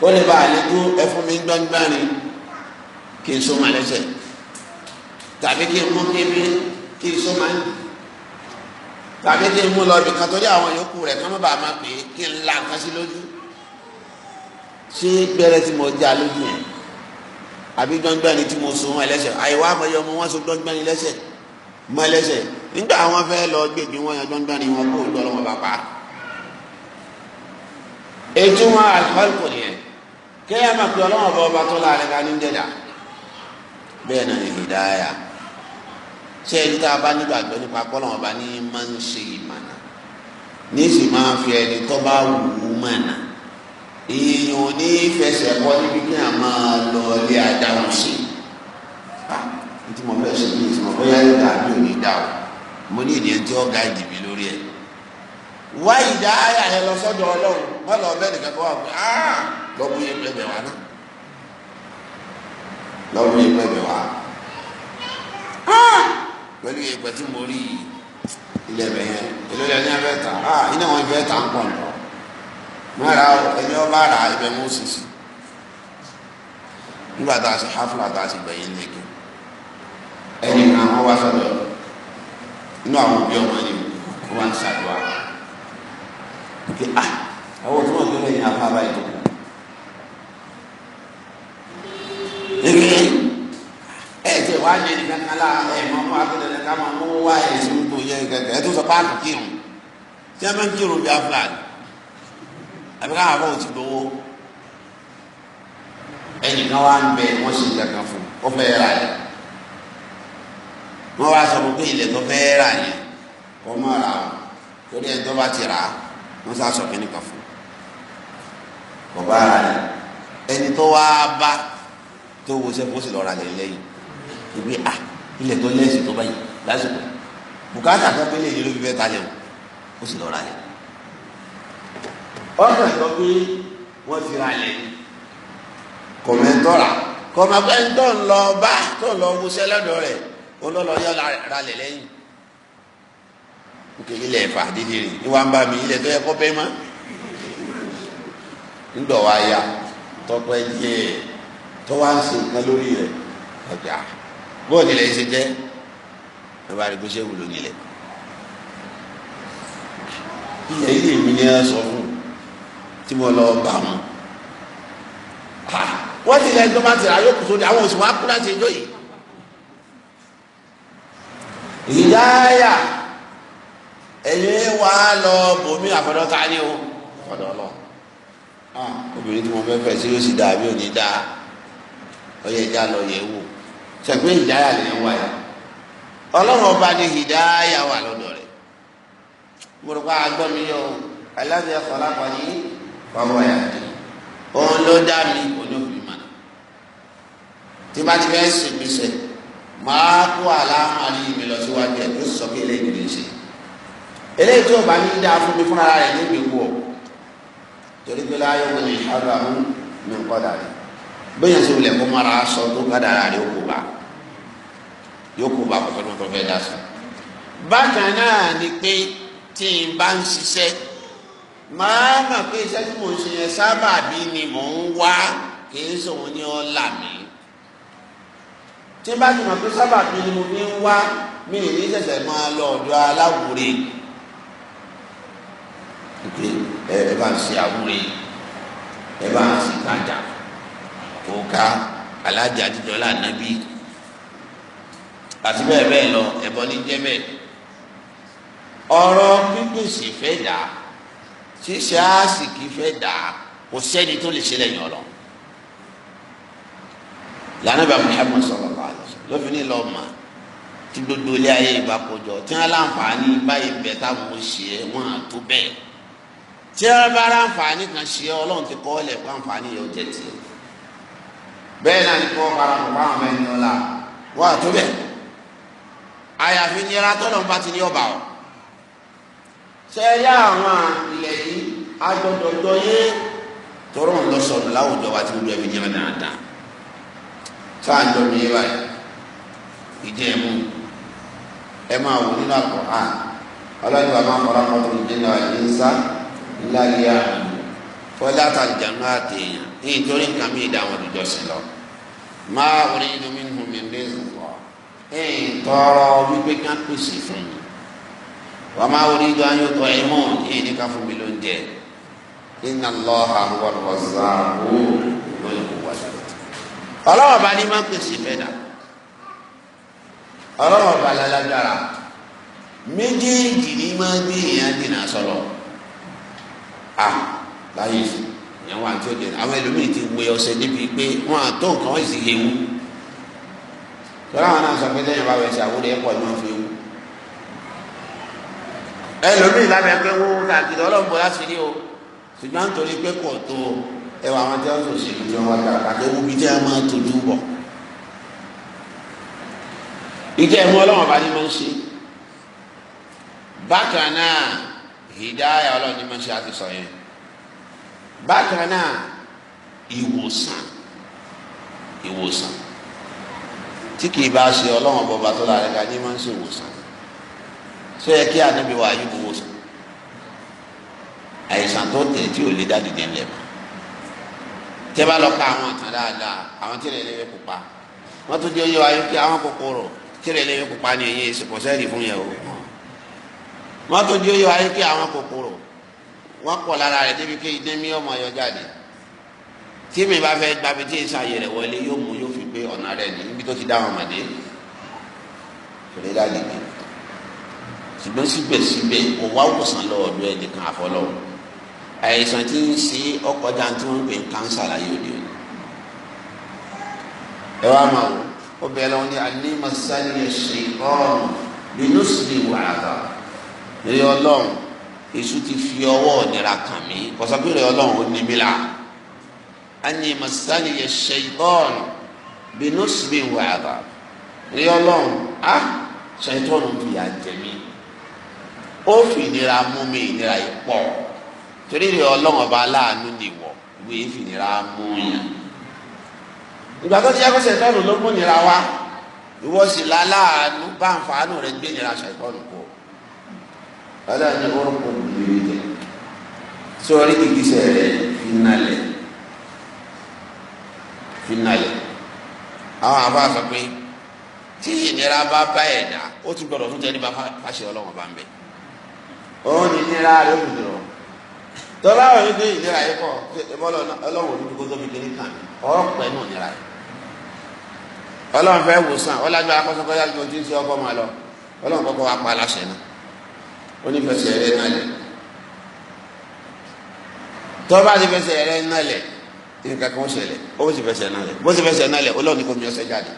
kó lè bá a lè dúró ẹ fún mi gbọ́ngbọ́nrin kí n so máa lẹ́sẹ̀ tàbí kí n mú kébí kí n so máa ń tàbí kí n mú lọ ibìkan torí àwọn yòókù rẹ̀ kí wọ́n bá a máa pè é kí n la nǹkan sí lójú ṣé gbẹ́rẹ́ tí mo já lójú yẹn àbí gbọ́ngbọ́nrin tí mo so máa lẹ́sẹ̀ àyẹ̀wò àmọ́ yọ ọmọ wọn so gbọ́ngbọ́nrin lẹ́sẹ̀ máa lẹ́sẹ̀ nígbà àwọn fẹ́ lọ gbèjú wọn yẹn gbọ́ngbọ́n ni wọn kó lọ́rọ́ wọn bàbá. ètò wọn àlùfáàlù kò nìyẹn kéèyàn máa pe ọlọ́wọ́n bá ọba tó láàrin ká ní dẹ̀dà bẹ́ẹ̀ náà ni hidaya ṣé ẹni tá a bá nígbàgbọ́ nípa kọ́lọ́wọ́n bá ní máa ń ṣe ìmọ̀nà ní sì máa fi ẹni tó bá wù ú mọ̀nà èèyàn ní fẹsẹ̀ kọ́ níbi kí àwọn máa lọ ilé adáhùn sí i. Ah, ntí mo fẹ́ ṣe bí ìsìn mo fẹ́ yáyé dàbí òní dà o mo ní ìdíyẹn tí wọ́n gáàdì mi lórí ẹ̀ wá ìdá ayà yẹn lọ sọ́dọ̀ ọlọ́run má lọ bẹ́ẹ̀ nìkan kó wà pé áà lọ́ọ́ mú yẹn pẹ́ẹ́bẹ̀ wá náà lọ́ọ́ mú yẹn pẹ́ẹ́bẹ̀ wá pẹ̀lú yẹn pẹ̀ tí mo rí ilẹ̀ bẹ̀ yẹn èló lẹ́yìn ní abẹ́ ta áà iná wọn ibẹ̀ ta ń pọ̀ nù mọ́ra ẹni ọba rà ibẹ̀ mú sisi nígbà tá a ṣe hafúlà tá a ṣe gbẹ̀yìn lẹ́kẹ̀ẹ́ ẹnì kan wọ́n wá sọ́dọ̀ inú àwọn òbí ọmọ ni wọ́n wá ń ṣàdúrà pé à ah, àwọn tó wọ́n gbé lẹ́yìn apá báyìí tó kù. ẹ jẹ wá ní ẹni kankan la ẹ mọ ọmọ akéde ká máa mú wá ẹ sí ń tó yẹ kẹkẹ ẹ tó sọ páàkì kírun tí a máa ń kírun bí afúlàní àbí káwọn afọ òtí gbowó ẹnì kan wá ń bẹ wọn sì ń kankan fún ọfẹ yẹra yẹn wọ́n wá sọ fún pé ilẹ̀ tó fẹ́ rà yẹn kó mọ̀ ra o torí ẹni tó bá ti rà á wọ́n sá sọ kínní kan fún un bàbá rẹ̀ ẹni tó wá bá tó wo sẹ́kù ó sì lọ́ọ́ ra lẹ̀ lẹ́yìn ìgbé à ah, ilẹ̀ tó lẹ́sìn tó báyìí lásìkò bùkátà kan pé lè ní ló fi fẹ́ ta lẹ̀ ó sì lọ́ọ́ ra lẹ̀ ọ̀sẹ̀ sọ pé wọ́n ti ra lẹ̀ kọ̀mẹ́ntọ́ra kọ̀mẹ́ntọ́ ń lọ bá tó lọ wo sẹ́lẹ̀ dọ̀ olólọ yọ ralẹ̀ lẹ́yìn òkè ilẹ̀ ẹ̀fà dídì rè ìwà ń bá mi ilẹ̀ tó yẹ kọ́ bẹ́ẹ̀ mọ́ ńdọ̀ wá ya tọ́pẹ́ yẹ tó wá ń ṣe nǹkan lórí rẹ̀ ọjà bóò nílẹ̀ yìí ṣe jẹ́ ẹ bá rí kó ṣe wúlò nílẹ̀ ilẹ̀ ilé mi ni ẹ sọ fún tí mo lọ bá wọn ah, wọ́n ti lẹ́yìn tó bá ti rà yókù sóde àwọn oṣù wọn á kú láti ẹjọ́ yìí ìdáyà ẹ̀yin wà á lọ bòmí àfọ̀dọ́ ta ni o ọ̀dọ̀ lọ obìnrin tí mo fẹ́ fẹ́ sí yóò sì dáa bí ò ọyẹ ìjà lọ yẹ̀ wò sẹ́gbẹ́ ìdáyà lè wà yà ọlọ́run ọba ni ìdáyà wà lọ́dọ̀ rẹ̀ mo rò pé agbọ́ mi yọ aláàbẹ̀ ẹ̀kọ́ lápá yìí wàá wà yà dé òun ló dá mi òun ló fi mà tí bá ti fẹ́ sèpèsè máa kó àlámàlì mi lọ síwájú ẹ̀ tó sọ pé eléyìí lè ṣe eléyìí tí o bá ní dáa fún mi fúnra rẹ̀ níbi kú torí pé láyé wọn lè ṣáájú àwọn mi ń kọ́dà rẹ̀ bóyá sọ wulẹ̀ kó mara sọ tó kádà rà rẹ̀ yókù bá yókù bá kó fẹ́ẹ́ tó fẹ́ẹ́ dá sọ. bákan náà ni pé tí n bá ń ṣiṣẹ́ máa mọ̀ pé iṣẹ́ tí mo ń ṣe yẹn sábàbí ni mò ń wá kì í sòun ní ọ́ là mí tí bá ti mọ̀ pé sábà mi ni mo ní ń wá mi ì ní ṣẹ̀ṣẹ̀ máa lọ ọ̀dọ̀ aláwòrè pé ẹ ẹ bá ń ṣe àwúre ẹ bá ń ṣe kájà kó ká alájà jíjọ lànàbí àti bẹ́ẹ̀ bẹ́ẹ̀ lọ ẹ̀bọ ní jẹ́bẹ̀ ọ̀rọ̀ pípèsè fẹ́ dà ṣíṣe àsìkí fẹ́ dà kò sẹ́ni tó lè ṣe lẹ́yìn ọ̀rọ̀ lànàbà Muhammad sọ̀rọ̀ lóbìnrin lọ mà tí gbogbo ilé ayé ìbá kọjọ tí wọn láǹfààní báyìí bẹ táwọn ò ṣe é wọn à tó bẹ́ẹ̀ tí wọn bá láǹfààní kan ṣe é Ọlọ́run ti kọ ọlẹ fún àǹfààní yẹn ó jẹ tiẹ̀ bẹ́ẹ̀ náà ni kọ parapọ̀ báwọn bẹ́ẹ̀ ní ọlá wọn à tó bẹ́ẹ̀ àyàfi ní ẹra tọlọ ń bá ti ní ọba ọ ṣe é yá àwọn ilẹ̀ yìí agbọdọdọ yé tọrọ ń lọ sọdọ láwùjọ wa ti gbogbo ẹbí jẹ dáadáa sáà ń jọ ìjẹ́mu ẹ máa wò nínú àkùrán ọlọ́dún bàbá ọ̀rọ̀ ọmọ tó ń jẹ́ náà ní sá láyé àná fọlá àtàjànú àtẹ̀yàn ní ìtorí nǹkan mi ìdá àwọn òdìjọ́ sí lọ máa orí inú mi nù mí ní ìsìnkú ẹ̀yìn tọrọ wípé ká pèsè fún mi wọ́n máa orí inú ayé tọ ẹ̀ mọ́ ẹ̀yìn ní ká fún mi ló ń jẹ inna Allaha huwa ar-razzaqu lóyún wájú ọlọ́wọ́ bá ní má pèsè fẹ́ dà ọlọ́run ọba lálágbára méjèèjì ní máa gbé èèyàn dènà sọlọ à láyé sùn ìyẹn wà tí ó dènà àwọn ẹlòmíì ti wé ọsẹ níbi pé wọn àtó nǹkan wọn sì hewu tọ́lá àwọn náà sọ pé lẹ́yìn bá wẹ̀ sí àwòrán ẹ̀ pọ̀ ní wọn fi hewu ẹlòmíì lábẹ́ pé wọ́n káàkiri ọlọ́run bọ̀ láti rí o ṣùgbọ́n nítorí pé kò tó ẹwà àwọn tí wọ́n sọ sí ìlú tí wọ́n wá káàkiri ewu bíi tí wọ́n máa bọ̀ ìkẹ́ ẹ̀mú ọlọ́run ọba ni máa ń ṣe bákan náà hidaya ọlọ́run ni máa ń ṣe àti sọ yẹn bákan náà ìwòsàn ìwòsàn tí kì í bá ṣe ọlọ́run ọba ọba tó lára ẹ̀ka ni máa ń ṣe ìwòsàn sọ yẹ kí ànábi wà ayé gbowó sàn àìsàn tó tẹ̀ tí ò lè dá dìde ńlẹ̀ mọ́ tẹ́ bá lọ ka àwọn àtàn dáadáa àwọn tí ìrẹ̀lẹ̀ rẹ̀ pupa wọ́n tún jẹ́ yọ ayé kí àwọn kòkòrò kílẹ̀ lẹ́yìn pupa ni èyí èsì pọ̀sẹ́ẹ̀lì fún yẹn o wọ́n tó jó yọ ayé kí àwọn kòkòrò wọ́n pọ̀ lára rẹ̀ débi kí idé mi ọmọ yọ jáde tí mi bá fẹ́ gbabi tí èsì ayé rẹ̀ wọlé yóò mú yóò fi gbé ọ̀nà rẹ̀ ní ibi tó ti dá wọn mọ̀dé kòlẹ́ dájú ni ṣùgbọ́n síbẹ̀síbẹ̀ kò wá òkùnsán lọ́ọ̀dún ẹ̀ nìkan àfọlọ́wọ́ àìsàn tí ń ṣe ọkọ̀ jantí wọn ń pè ní kánsà láyé òde òní ẹ wá máa wò ọbẹ̀ ẹ̀rọ ní anímọ̀sánìyẹ ṣèkọ́ọ̀nù nínú sílẹ̀ ìwà àgbà eré ọlọ́run èṣù ti fi ọwọ́ ọ̀nira kàn mí kọ́sọ́pẹ́rẹ́ ọlọ́run ó ní mi là anímọ̀sánìyẹ ṣèkọ́ọ̀nù nínú sílẹ̀ ìwà àgbà eré ọlọ́run á ah, ṣètọ́nù fìyà jẹ mí ó fi ìnira mú mi ìnira yìí pọ̀ torí ìrẹ̀ ọlọ́run ọba aláàánú nìwọ̀ ìwé ìfìnira mú yàn ìgbà tó ti yẹ kó ṣètọ́nù ló mú nira wá ìwọ sì láláàánú bá ń fàánù rẹ gbé nira ṣètọ́nù kú ọlọ́ọ̀ni orúkọ bìrì jẹ sórí ìgbésẹ̀ rẹ fínálẹ̀ fínálẹ̀ àwọn àbá sọ pé tí ìnira bá bá ẹ̀ dá ó tún gbọdọ̀ tún tẹ́ nípa fàṣẹ ọlọ́wọ́n bá ń bẹ̀ òun ni ìnira rẹ kù dùrọ̀ tọ́lá òun ní ìnira yìí pọ̀ ọlọ́wọ́n ní kókó tó fi kiri kàn mí ọ̀pẹ̀ nù ìnira yìí ọlọ́run fẹ́ wòsàn ọlájú akọ́sọ́kọ́ yá ju ojú sí ọkọ́ máa lọ ọlọ́run kọ́kọ́ wá pa aláṣẹ náà onífẹsẹ̀ rẹ̀ náà lẹ̀ tọ́ba ti fẹsẹ̀ rẹ̀ náà lẹ̀ nǹkan kan ṣẹlẹ̀ ó sì fẹsẹ̀ náà lẹ̀ bó sì fẹsẹ̀ náà lẹ̀ ọlọ́run ní kò mi ọsẹ jáde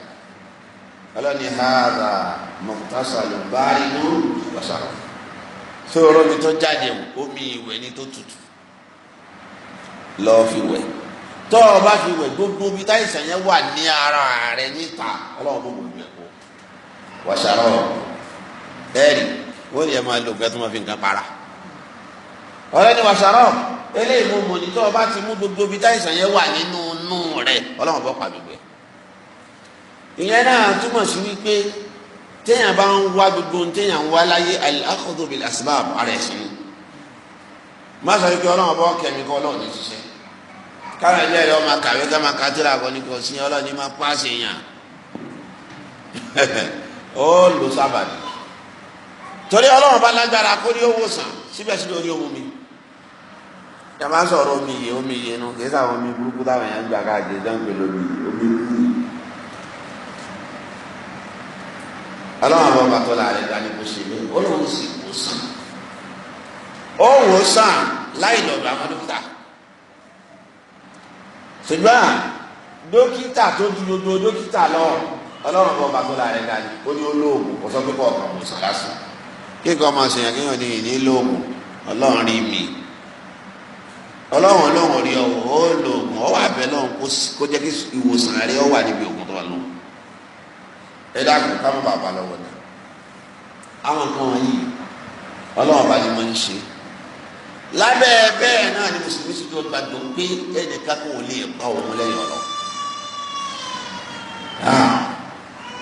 ọlọ́run ní hàrà mọ̀tàṣàlù báàrí nù lọ́sàrọ̀ sóòrò mi tó jáde omi ìwẹ̀ ni tó tutù lọ́ọ́ fi wẹ̀ tọ́ ọ bá fi wẹ̀ gbogbo bí táìsàn yẹn wà ní ara rẹ níta ọlọ́run kò gbogbo ẹ̀ kó wàṣàrọ̀ bẹ́ẹ̀ni wọ́n yẹ máa lò kẹ́tọ́ máa fi nǹkan para ọ̀rẹ́ ni wàṣàrọ̀ eléyìí mo mọ̀ ní tọ́ ọ bá ti mú gbogbo bí táìsàn yẹn wà nínú inú rẹ ọlọ́run bọ́ pàmì gbẹ ìyẹn náà túmọ̀ sí wípé téèyàn bá ń wá gbogbo téèyàn wá láyé al-akhdhu bil asbab ara ẹ̀sìn má sọ wípé ọlọ́run bọ́ kẹ́mi kọ́ ọlọ́run ní ṣiṣẹ́ káwọn ẹgbẹ́ ọmọ kàwé ká máa kátìrà kọ́ ní kò sí ọlọ́ọ̀ni máa pàṣẹ yàn ó lò torí ọlọ́run bá lágbára kó ní owó sàn síbẹ̀síbẹ̀ orí omi mi ẹ ń sọ̀rọ̀ omi yìí omi yìí nu kì í sàwọn omi burúkú táwọn èèyàn ń gbà káàkiri lómi yìí omi burúkú yìí. ọlọ́run ọba tó láàrin ṣùgbọ́n dókítà tó ju gbogbo dókítà lọ ọlọ́run bọ́ bàtó la rẹ̀ dání ó ní olóògùn kò sọ pé kọ́ ọ̀kan mọ̀ sàlásù kíkọ́ ọmọ ṣèyàn kéèyàn ní ìní lóògùn ọlọ́run rí mi ọlọ́run ọlọ́run rí ọ̀wọ́ ó lóògùn ọwọ́ abẹ náà kó jẹ́ kí ìwòsàn rẹ ọ wà níbi òògùn tó wà lọ ẹ dákun ká bàbá lọ́wọ́ dá àwọn kan wọ̀nyí ọlọ́run bá ní mọ́ ń ṣe lábẹ́ bẹ́ẹ̀ náà ni mùsùlùmí sì jọ gbàgbọ́ pé ẹnìkan kò lè pa òun lẹ́yìn ọ̀rọ̀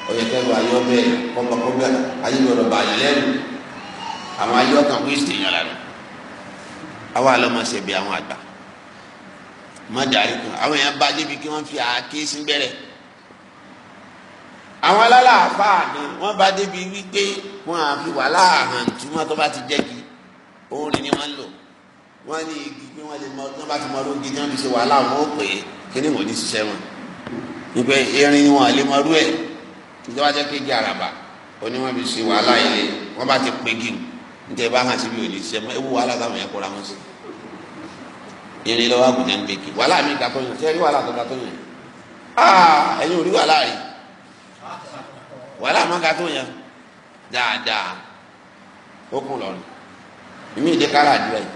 ọ̀yẹ̀kẹ́lu ah, ayọ́ bẹ́ẹ̀ kọ́mbakọ́mbẹ́ ayélujára bá yìí lẹ́nu àwọn ayọ́ kan kó èsì èèyàn lára àwa lọ́ máa ṣẹ̀bi àwọn àgbà má dàrí kan àwọn èèyàn bá débi kí wọ́n fi àáké sí bẹ̀rẹ̀ àwọn alálàáfáà ni wọ́n bá débi wípé wọ́n á wàhálà hàn tó bá ti jẹ́ kí orin ni wọ́n ń lò wọ́n ní igi pé wọ́n lè mọ tí wọ́n bá ti mọ ọdún gidi wọ́n fi ṣe wàhálà wọn ó pè é kíní wọn ò ní ṣiṣẹ́ wọn nípa irin wọn lè mọ ọdún ẹ̀ níta wá jẹ́ pé igi àràbà òní wọ́n fi ṣe wàhálà ilé wọ́n bá ti pè gíw níta ìbá hàn síbi ò ní ṣiṣẹ́ mọ́ ewu wàhálà táwọn yẹn kóra wọn sí irin lọ́wọ́ àgùntàn ń bèkì wàhálà mi ìgbà tó yàn ṣé rí wàhálà tó ga tó yàn ah, ẹ̀yin ò rí wàhálà rí wàhálà má ìmí ìdí kára àdúrà yìí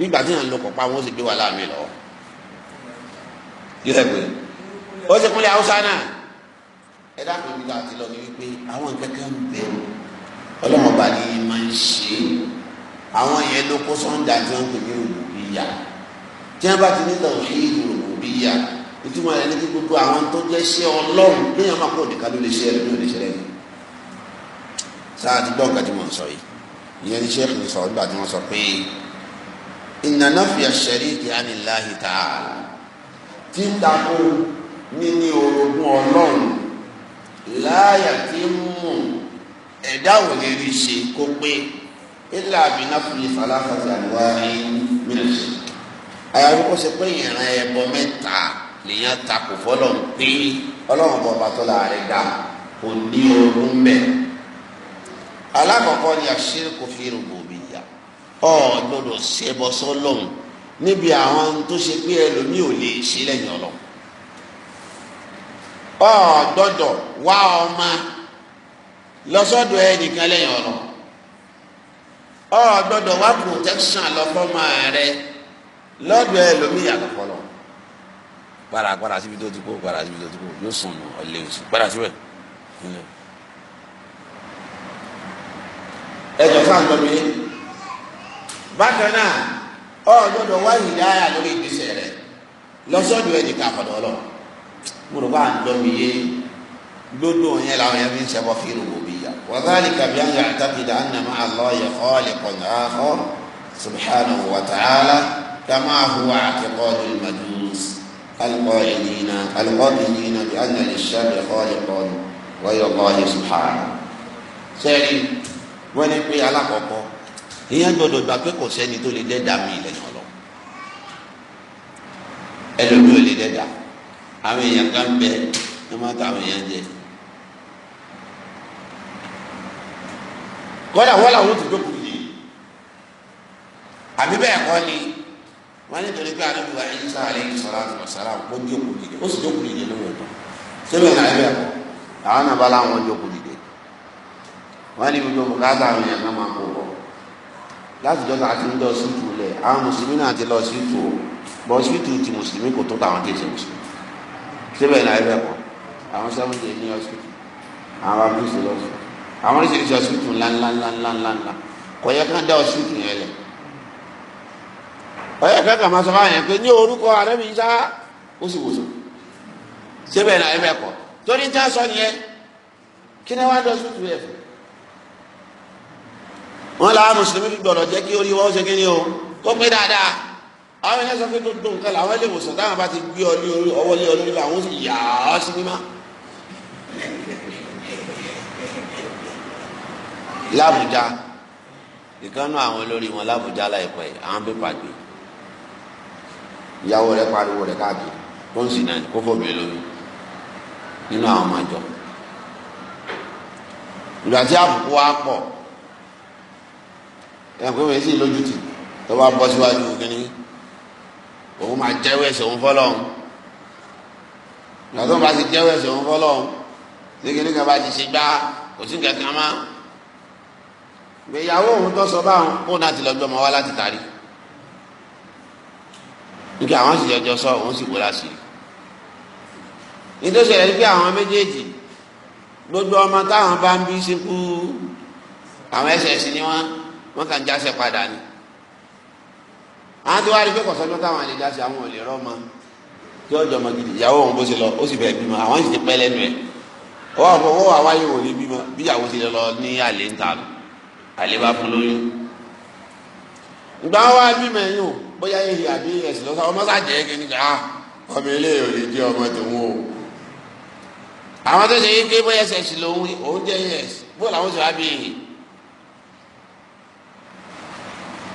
nígbà tí yàn ń lo kọ̀pá wọn ó sì gbé wà láàmì lọ. yíyá ìwé ó sì kúnlẹ̀ haúsá náà ẹ dákun mi láti lọ ní wípé àwọn kẹ̀kẹ́ ń bẹ ọlọ́mọba ni máa ń ṣe àwọn yẹn ló kó sọ́ńdà tí wọ́n ń pè ní olùbíyà tí wọ́n bá ti ní tàn sí olùbíyà ìtumọ̀ rẹ̀ ní kí gbogbo àwọn tó jẹ́ ṣe ọlọ́run léèyàn máa kó nìkan ló lè ṣe ẹ̀rọ ló lè ṣe ẹ̀rọ sáà ti gbọ́ nǹkan tí mo ń sọ yìí ìyẹn ní sẹ́ẹ̀kì ní sọ nígbà tí wọ́n sọ pé ìnana fi àṣẹrí ìdíyàní láhi ta'ala títakò níní orogún ọlọ́run láàyà tí ń mú ẹ̀dá ò lè rí ṣe kó pé ilà àbínà fi falafàtì àdúrà mìíràn ṣe àyàfi kó ṣe pé ìran ẹbọ mẹ́ta lèèyàn takò fọlọ́n pé ọlọ́run bọ̀ bàtọ́ láàrin dá kò ní orogún bẹ́ẹ̀ alákọ̀ọ́kọ́ ni àṣírí kò fi rògbò ọ gbọ́dọ̀ sí ẹbọ sọ́lọ́run níbi àwọn tó ṣe pé ẹlòmíì ò lè ṣe lẹ́yìn Ọlọ́run ọ gbọ́dọ̀ wá ọmọ lọsọ́dọ̀ ẹnìkan lẹ́yìn Ọlọ́run ọ gbọ́dọ̀ wá protection lọfọmọ rẹ lọ́dọ̀ ẹlòmíì yàtọ̀ fọlọ para para síbi tó ti kó para síbi tó ti kó yóò sùn nù ọ lè sùn para síbẹ̀ ẹ jọ fáwọn gbọ́dọ̀ yìí bákan náà ọ gbọ́dọ̀ wá ìdáyà lórí ìgbésẹ̀ rẹ lọsọdọ ẹni ká fọdọ lọ mo rò bá ń dọ mi yé gbogbo yẹn làwọn yẹn fi ń ṣẹbọ fi rò wòbí yá wàhálì kàbí àwọn yàrá tàbí dà ánà máa lọ yẹ kọ́ọ̀lì kọ̀ọ̀nà àkọ́ subhanahu wa ta'ala kama huwa àtẹkọ́ọ̀lù madus alùpọ̀ ìnìyàn alùpọ̀ ìnìyàn bí ánà lè ṣàbẹ̀ kọ́ọ̀lì kọ́ọ̀lù wáyọ̀ kọ́ọ̀lì subhanahu. sẹ́ẹ̀rì wọ́n ní pé alákọ̀ọ́kọ́ èèyàn gbọ́dọ̀ gbà pé kò sẹ́ni tó lè dẹ́dà mí lẹ́yìn ọlọ ẹlòmíì ò lè dẹ́dà àwọn èèyàn kan bẹ ẹ má ta àwọn èèyàn jẹ kódà wọn làwọn ti dókòwò yìí àbí bẹ́ẹ̀ kọ́ ni wọn ní torí pé àdébí wa ẹyin sáà lẹ́yìn sọlá tó sọlá kó dókòwò yìí ó sì dókòwò yìí lóyún ọ̀tọ̀ sẹ́mi náà ẹ bẹ́ẹ̀ kọ́ àwọn náà bá láwọn dókòwò yìí wọn ní gbogbo bùkátà láti jọ́ta àti ń lọ síìtù lẹ̀ àwọn mùsùlùmí náà ti lọ síìtù o bọ́ síìtù ti mùsùlùmí kò tó táwọn tí ì ṣe mùsùlùmí síbẹ̀ náà ẹ bẹ̀ kọ́ àwọn sẹ́wọ́ntì ní ọ̀sìtù àwọn abúlé lọ́sùn àwọn oríṣiríṣi ọ̀sìtù ńláńláńláńláńlá kò yẹ ká dá ọ̀sìtù yẹn lẹ̀ ọ̀yẹ́ ìkẹ́kọ̀ọ́ máa sọ fáwọn yẹn pé ní orúkọ arẹ́mi ń sá ó sì wòsàn síbẹ̀ náà ẹ bẹ̀ kọ́ torí ń tá sọ nìyẹn kí ni wọ́n wọn làwọn mùsùlùmí fi gbọ́dọ̀ jẹ́ kí orí wọn ṣe kíni o kó pé dáadáa àwọn ẹni sọ pé tó dùn kan làwọn ilé ìwòsàn táwọn bá ti gbé ọ lé ọwọ́ lé ọ lórí làwọn sì yà á sí mímá. lábùjá ìkànnù àwọn olórí wọn lábùjá láìpẹ́ àwọn pépà gbé ìyàwó rẹ̀ pariwo rẹ̀ káàkiri kó ń sì náà kó fòbìnrin lómi nínú àwọn ọmọ àjọ ìgbà tí àbùkù wa pọ̀ ẹ̀yàn pé wọ́n sì lójú tì tó bá bọ́ síwájú kínní òun máa jẹ́wọ́ ẹ̀ṣẹ̀ òun fọ́lọ́hún lọ́tọ́ bá ti jẹ́wọ́ ẹ̀ṣẹ̀ òun fọ́lọ́hún lékele kan bá ti ṣe gbá kò sí nǹkan kan má ìgbéyàwó òun tó sọ báwọn kó náà ti lọ gbọmọ wá láti tàrí nígbà àwọn sì jọjọ sọ òun sì wúra sí i nítòsí ẹ̀rí pé àwọn méjèèjì gbogbo ọmọ táwọn bá ń bí sínkú àwọn ẹsẹ̀ sí ni wọ́n wọ́n kàn jáṣẹ́ padà ni àwọn tó wá rí pé kọ̀sọ́jọ́ táwọn àlejò àṣẹ àwọn olè rọ́mọ tí ọjọ́ ọmọ gidi ìyàwó wọn bó ṣe lọ ó sì fẹ́ bímọ àwọn sì ti pẹ́ lẹ́nu ẹ̀ ọwọ́ àwọn ọwọ́ àwáyé wò ní bímọ bíyàwó ti lọ ní àlè ń ta lọ àlè bá fún lóyún. ìgbà wa bímọ ẹ̀yìn o bóyá ehi àbí ẹ̀sìn lọ́sà ọmọ sàjẹ́ kí ni ká ọmọ eléyìí ò lè jẹ́ ọmọ tòun o. àwọn tó ṣe yí pé bóyá ẹ̀sìn lòun òun jẹ́ ẹ̀sìn bó làwọn ṣe wá bí ehi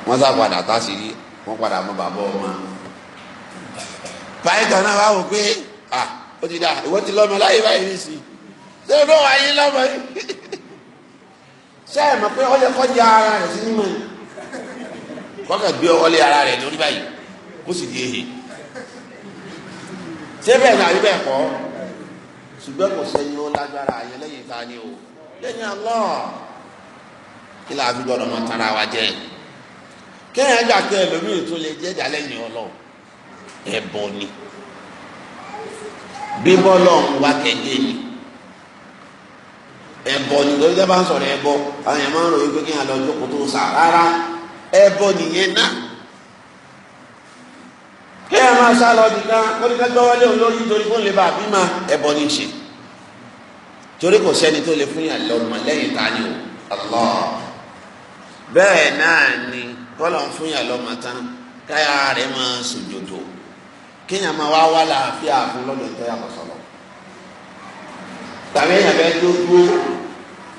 wọ́n sá padà tá sí rí wọ́n padà mọ bàbá ọmọ. báyìí náà wá wò pé à ó ti dà ìwọ ti lọ́mọ láyé báyìí ní sí i ṣé ló wà yín lọ́mọ yìí ṣé ẹ mọ̀ pé kọjá ara rẹ̀ sí gbé ara rẹ̀ lórí báyìí kó sì di ṣé bẹ́ẹ̀ náà rí bẹ́ẹ̀ kọ́ ṣùgbọ́n kò sẹ́yìn ó tara wa jẹ́ kéèyàn gbà pé ẹlòmíì tó lè jẹ́ ìdálẹ́ ní ọlọ́run ẹ̀bọ ni bíbọ́ lọ́run wá kẹ́gẹ́ ni ẹ̀bọ ni lórí dábàá ń sọ̀rọ̀ ẹ̀bọ àwọn èèyàn máa ń ròyìn pé kéèyàn lọ jókòó tó sà rárá ẹ̀bọ nìyẹn náà kéèyàn máa sá lọ nìkan kọ́nìkan gbọ́ wọlé òun lórí torí fún lè bá àbí máa ẹ̀bọ ní í ṣe torí kò sẹ́ni tó lè fún yàn lọ́mọ lẹ́yìn tani o bẹ́ẹ̀ náà ni kọ́lọ̀ ń fún yàn lọ́mọ tán káyà rẹ̀ máa sòjòdò kéèyàn máa wá wá làáfíà fún lọ́dọ̀ tó yàtọ̀ sọ̀rọ̀ tàbí èèyàn bẹ́ẹ̀ tó dúró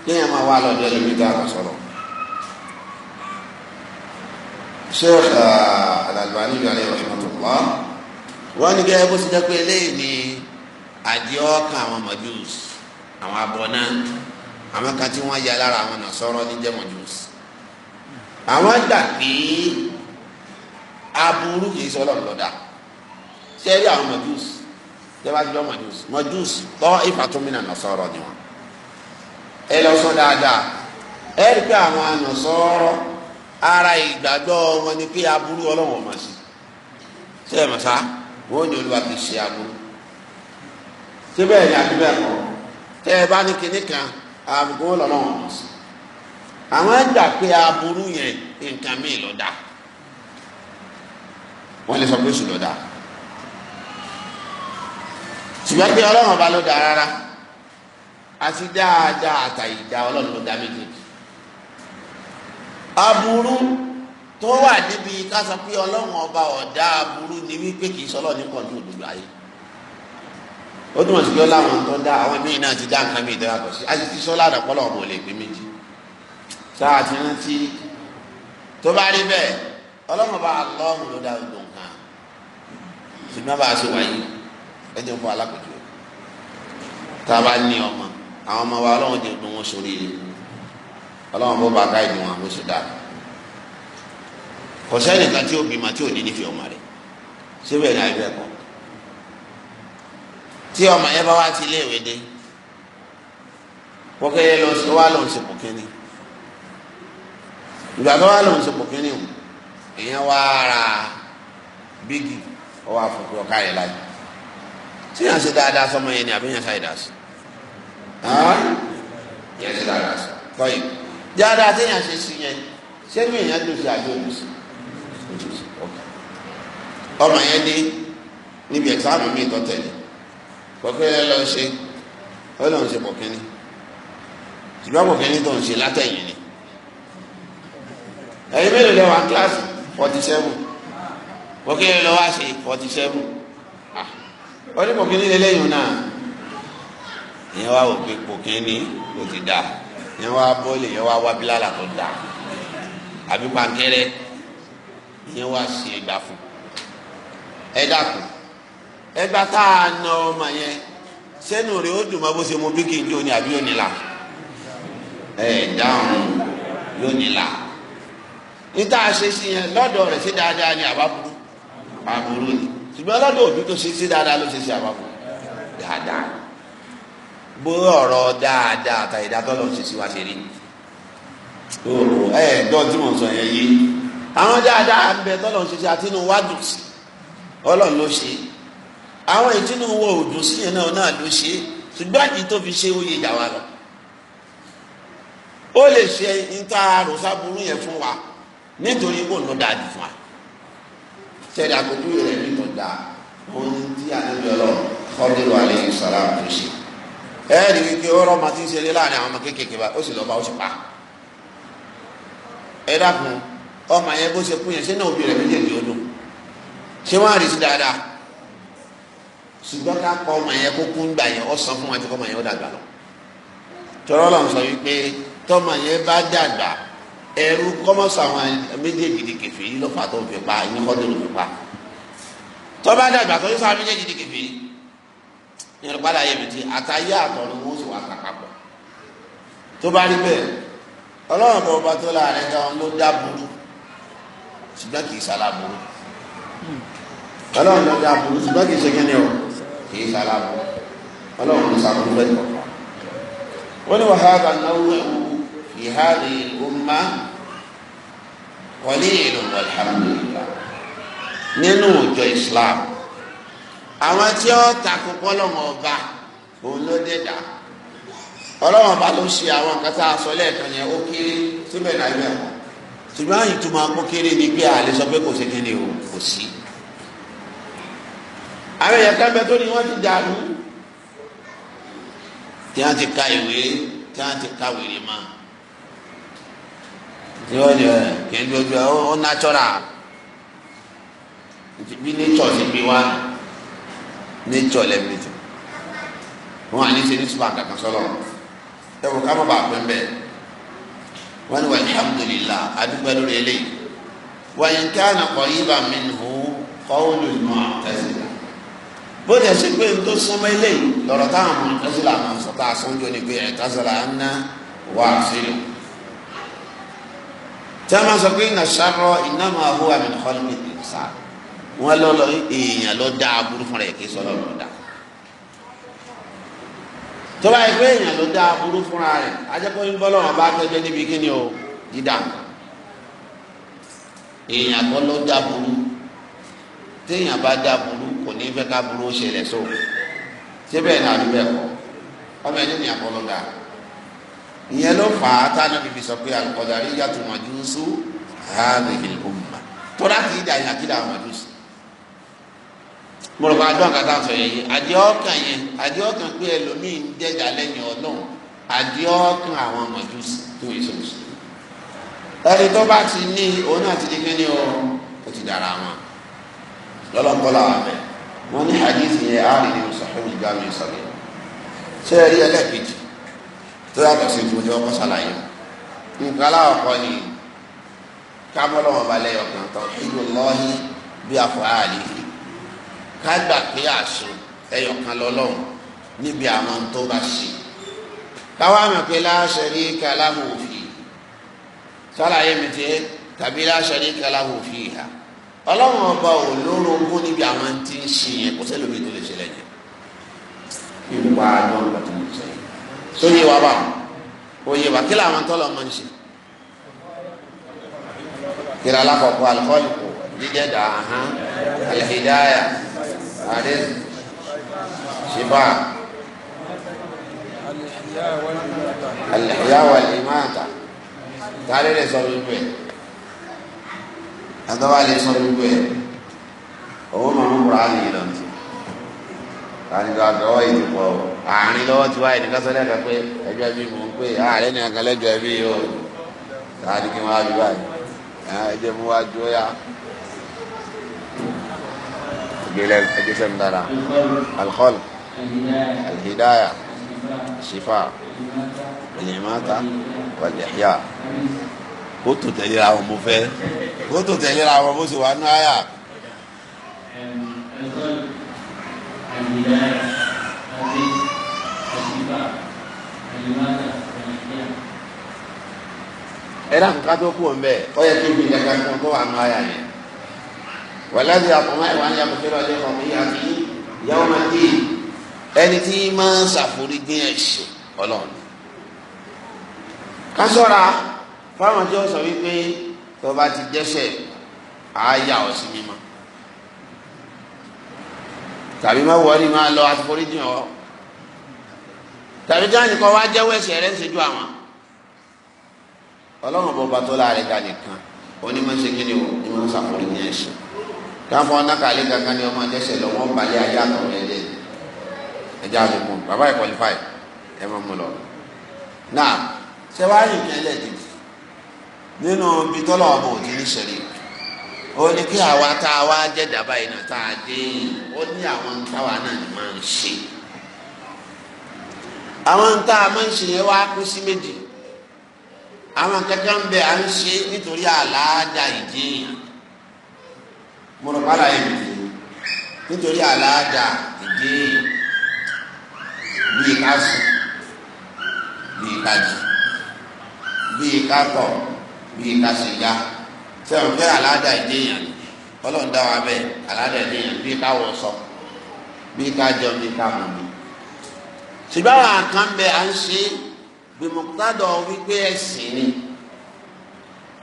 kéèyàn máa wá lọ́dọ̀ ẹlòmí tó sheikh uh, al-Albani ibi alayhi rahmatullah wọ́n ní gẹ́gẹ́ bó ti jẹ́ pé eléyìí ni àdìọ́kàn àwọn mọ̀júùsì àwọn abọ́ náà àwọn kan tí wọ́n yà lára àwọn nàṣọ́rọ́ ní jẹ́ mọ̀júùsì àwọn gbà pé aburú kìí sọ ọlọ́run lọ́dà ṣé ẹ rí àwọn majus tẹ́wájú lọ́ majus majus tọ́ ìfàtúmínà nasọ́rọ̀ ni wọn ẹ lọ sọ dáadáa ẹ rí pé àwọn anasọ́rọ̀ ara ìgbàgbọ́ wọn ni pé aburú ọlọ́run ọmọ sí ṣé ẹ mọ̀ sá wọn ò ní olúwa kìí ṣe aburú ṣé ni àbí bẹ́ẹ̀ kọ́ tẹ́ ẹ bá ní kinní kan àbùkù ọlọ́run ọmọ sí àwọn gbà pé aburú yẹn nǹkan míì ló dá wọ́n lè sọ pé èṣù ló dá ṣùgbọ́n pé ọlọ́run ọba ló dá rárá àti dáadáa àtàyídá ọlọ́run ló dá méjèèjì aburú tó wà níbi ká sọ pé ọlọ́run ọba ọ̀dá aburú ni wípé kì í sọ ọlọ́run nípọ̀ ní òdodo ayé ó túmọ̀ sí pé ọlọ́run tó dá àwọn míì náà ti dá nǹkan míì tó yàtọ̀ sí a ti sọ ládàá pọ́lọ́ ọmọ ò lè pé méjì sáà ti rántí tó bá rí bẹ́ẹ̀ ọlọ́run bá lọ́ọ̀hún ló dá gbogbo nǹkan ṣùgbọ́n bá a ṣe wáyé ẹjọ́ fún alákòjú tá a bá ní ọmọ àwọn ọmọ wa ọlọ́run jẹ́ gbogbo wọn sórí ilé ọlọ́run bó ba ká ìdùn wọn àwọn oṣù dáa kò sẹ́yìn kan tí ó bímọ tí ò ní nífẹ̀ẹ́ ọmọ rẹ̀ síbẹ̀ ní àìbẹ̀ kan tí ọmọ yẹn bá wá ti iléèwé dé wọ́n kéré lọ sí wá lọ́n ṣe kò ìgbà tó wà lóun sopọ̀ kínní o èèyàn wá ara bígì ọwọ́ àfọ̀kù ọ̀ka rẹ̀ láyé tí yàn ṣe dáadáa sọmọ yẹn ni àbí yàn ṣàyè dáa sí yàn ṣe dáadáa sí kọ́yìn dáadáa tí yàn ṣe sí yẹn ṣé mi èèyàn tó ṣe àjọ òbí sí ọmọ yẹn dé níbi ẹ̀sáàmù mi tó tẹ̀lé kọ́kẹ́rẹ́ lọ ṣe ó lọ́n ṣe pọ̀ ṣùgbọ́n pọ̀ tó ń ṣe látẹ̀yìn ni ẹ̀yin mélòó lẹ wà kíláàsì forty seven mọ̀kìnrin lọ wá sí forty seven ó ní mọ̀kìnrin lélẹ́yìn náà ìyẹn wá òpè pòkìnní ló ti dà ìyẹn wá bọ́ọ̀lì ìyẹn wá wá bílálà tó dà àbí pankẹ́rẹ́ ìyẹn wá sí ẹgbà fún ẹ dàkú ẹgbà tá a nà ọmọ yẹn sẹ́nu rẹ̀ ó dùn mọ́ bó ṣe mo bí kí n jó àbí yóò nílà ẹ̀ dáhùn yóò nílà níta ṣe sí yẹn lọ́dọ̀ rẹ̀ sí dáadáa ni àbábúrú àbúrú ni ṣùgbọ́n lọ́dọ̀ òbí tó ṣe sí dáadáa ló ṣe sí àbábúrú dáadáa bó ọ̀rọ̀ dáadáa àtàyèdá tó lọ́ọ́ ṣe sí wa ṣe rí ẹ̀ dọ́ tí mo sọ yẹn yé àwọn dáadáa ń bẹ tó lọ́ọ́ ṣe sí àtinú wá dùn sí ọlọ́run ló ṣe àwọn ìtinú wọ òdùn sí yẹn náà náà ló ṣe ṣùgbọ́n àti tó fi ṣe oyè ìjà wa lọ ó lè ṣe níta àròsá burú yẹn fún wa nítorí kò ló dáa jù fún wa sẹ́ni àkókò rẹ̀ ní kò dáa òun ti àdébí ọlọ́run Khadiru alayhi salam tó ṣe ẹ̀ẹ́dì kékeré ọ̀rọ̀ ọmọ tí ń ṣeré láàrin àwọn ọmọ kéékèèké bá ó sì lọ́ọ́ bá ó sì pa ẹ dákun ọmọ yẹn bó ṣe kú yẹn ṣé náà òbí rẹ̀ méjèèjì ó dùn ṣé wọ́n á dáadáa ṣùgbọ́n ká kọ ọmọ yẹn kó kú gbà yẹn ó sọ fún wọn àti kọ́ ọmọ yẹn ó dàgbà lọ tọ́rọ́ lọ́n sọ wípé tọ́mọ yẹn bá dàgbà ẹrú kọ́mọ́sọ àwọn méjèèjì di kèfèrí lọ́fà tó fi pa ẹni kọ́ tó fi pa tọ́ba dàgbà tó ń sọ àwọn méjèèjì di kèfèrí ní ọ̀rọ̀ padà yẹ̀mí ti àtàyé àtọ̀run wọ́n sì wà kàkàpọ̀ tó bá rí bẹ́ẹ̀ ọlọ́run bọ̀ ọba tó láàrin gan ló dá burú ṣùgbọ́n kì í sálá burú ọlọ́run ló dá burú ṣùgbọ́n kì í ṣe kíni o kì í sálá burú ọlọ́run ló sàkóso ẹ̀kọ́ wọ́n ní wàhálà náwó ẹ̀wọ̀ lihari umma wọlé ìlú alhamdulilah nínú òjò islam àwọn tí ó takò pọlọmọ ọba òun ló dé dà ọlọ́wọ́n ọba ló ṣe àwọn nǹkan tá a sọ lẹ́ẹ̀kan yẹn ó kéré síbẹ̀ náà ibẹ̀ wọ̀ ṣùgbọ́n àyìn tó máa kó kéré ni pé àlè sọ pé kò sí kíni o kò sí. àwọn èèyàn kan tó ni wọ́n ti dàrú tí wọ́n ti ka ìwé tí wọ́n ti ka wèrè máa yóò jẹ kéde ojú ẹ ó natural bí nature ti gbé wá nature lẹ́mìtì wọn à ní ṣe ní super kankan sọlọ ẹ wò ká má bàa pẹ́ mbẹ́ wọn ni alhamdulillah adúgbò lórí eléyìí wa in kana qariban minhu qawlul mu'tazila bó dẹ̀ ṣe pé n tó sọmọ eléyìí lọ́rọ̀ táwọn mu'tazila máa sọ tá sọ́njọ́ ni pé ẹ̀ tazala anna wà á sílẹ̀ tí a máa sọ pé ìnà sárọ iná máa hó àmì ìkọlù ní ìsà wọn lọ lọ èèyàn lọ dá aburú fún rẹ kí sọlọ lọ dá tó bá yẹ pé èèyàn ló dá aburú fúnra rẹ ajẹpọ ń bọ lọ́rọ̀ bá tẹjọ níbi kíni o dídá èèyàn kọ́ ló dá aburú téèyàn bá dá aburú kò ní fẹ́ ká aburú ṣẹlẹ̀ sóò síbẹ̀ náà ló bẹ̀ kọ́ ọmọ ẹni nìyàn kọ́ ìyẹn ló fà á tá a nàbí fi sọ pé alukọ̀dàrí yàtọ̀ màjúsù hàmì ìlúmà tọ́lá kì í da ìlàkìlà àwọn màjúsù. mo rò pé adó àkàtà sọ yẹn yìí àdé ọkàn yẹn àdé ọkàn pé ẹlòmíín dẹ́jà lẹ́yìn ọlọ́run àdé ọkàn àwọn màjúsù tó yẹ sọ̀rọ̀ ẹni tó bá ti ní òun náà ti di kí o ó ti dára wọn lọ́lọ́kọ́lá àmẹ wọn ní hadith yẹn á rí nínú sọ̀rọ̀ ìgbà mi sọ̀rọ̀ ṣé ẹ rí ẹlẹ́ẹ̀kejì tó yàtọ̀ sí ìtumọ̀ tí wọ́n kọ́ ṣàlàyé nǹkan aláwọ̀kọ́ ni kábọ́lọ̀ wọn balẹ̀ ọ̀kan tán ìlú lọ́hìn bí afọ́hálì ká gbà pé àṣù ẹyọ̀kan lọ́lọ́run níbi àwọn tó bá ṣe káwá mọ̀ pé láṣẹ rí kálámù òfin ṣàlàyé mi tiẹ́ tàbí láṣẹ rí kálámù òfin ha ọlọ́run ọba ò lórogún níbi àwọn tí ń ṣe yẹn kò sẹ́lómi tó lè ṣe lẹ́yìn. ìwà àjọ ń tó yé wa bá o yé wa kí làwọn tọ́lọ̀ máa ń ṣe kìlá alákọ̀ọ́kọ́ alikọ́lùkù jíjẹ́ dà hàn alihidaya adé ṣìbá alihiya wà limata tààrí rẹ̀ sọ gbogbo ẹ̀ àtọ́wà lè sọ gbogbo ẹ̀ owó màmú kura á nìyí lọ́nà àníjọ àtọwọ́ yìí ti pọ̀ o àárín lọ́wọ́ ti wáyé ní kásánlẹ̀ kan pé ẹjọ́ ẹbí mò ń pè ààrẹ ah, ní àkàlẹ́ ẹjọ́ ẹbí o láti kí wọ́n á bí báyìí ah, ẹjọ́ mú wá ju ọ́yá. ìgbélé ẹjọ́ sẹ́mi dára alkhol alhidaya shifa alimata walihya kó tẹ̀lé ra wọn mo fẹ́ kó tẹ̀lé ra wọn mo sì wà nù àyà. الولاية الرزق الشفاء الإماتة الإحياء ẹ̀rọ àkùkà tó kù ń bẹ̀ ọ yẹ kí n bí ìdàgbà kan kó wà nù ayà yẹn wàlẹ́dì àkùnmá ìwà ni àkùnfẹ́rẹ́ ọjọ́ kan yíyá sí yàwó máa dé ẹni tí máa ń ṣàforíjìn ẹ̀ṣẹ̀ ọlọ́run ká fáwọn tí ó sọ wípé tó ti dẹ́ṣẹ̀ àá yà mímọ́ tàbí má wọrí má lọ àti foríjì ọ tàbí káàní kọ wá jẹ́wọ́ ẹ̀ṣẹ̀ rẹ̀ ń ṣe ju àwọn ọlọ́run bó ba tó láàrin ga nìkan onímọ̀ọ́sẹ̀ kí ni o ni wọ́n ṣàforí ní ẹ̀ṣẹ̀ káfọ́ nákàlẹ́ kankan ni ọmọ ẹ̀dẹ́sẹ̀ lọ wọ́n balẹ̀ ayé àtọ̀rọ̀ ẹ̀dẹ́ ẹ̀dẹ́ àdúgbò bàbá ẹ̀ qualify ẹ̀ mọ̀ mú lọ. náà ṣé wàá rìn nínú ibi tọ́lọ̀ ọmọ òdì ní ṣẹ̀ríkì ó ní kí àwa tá a wá jẹ́ dàbá yìí náà tá a dé ó ní àwọn táwa náà ni máa ń ṣe àwọn a máa ń ṣe yẹn wá kú sí méjì àwọn kankan bẹ à ń ṣe nítorí àlàájá ìjìyàn mo rò yẹn nítorí àlàájá bíi sẹ́wọ̀n pé aláda ìdíyàn ni ọlọ́run dá wa bẹ́ẹ̀ aláda ìdíyàn bí ká wọ sọ bí ká jọ bí ká mọ̀ mi. ṣùgbọ́n àwọn kan bẹ à ń ṣe gbèmọ̀tàdọ̀ wípé ẹ̀sìn ni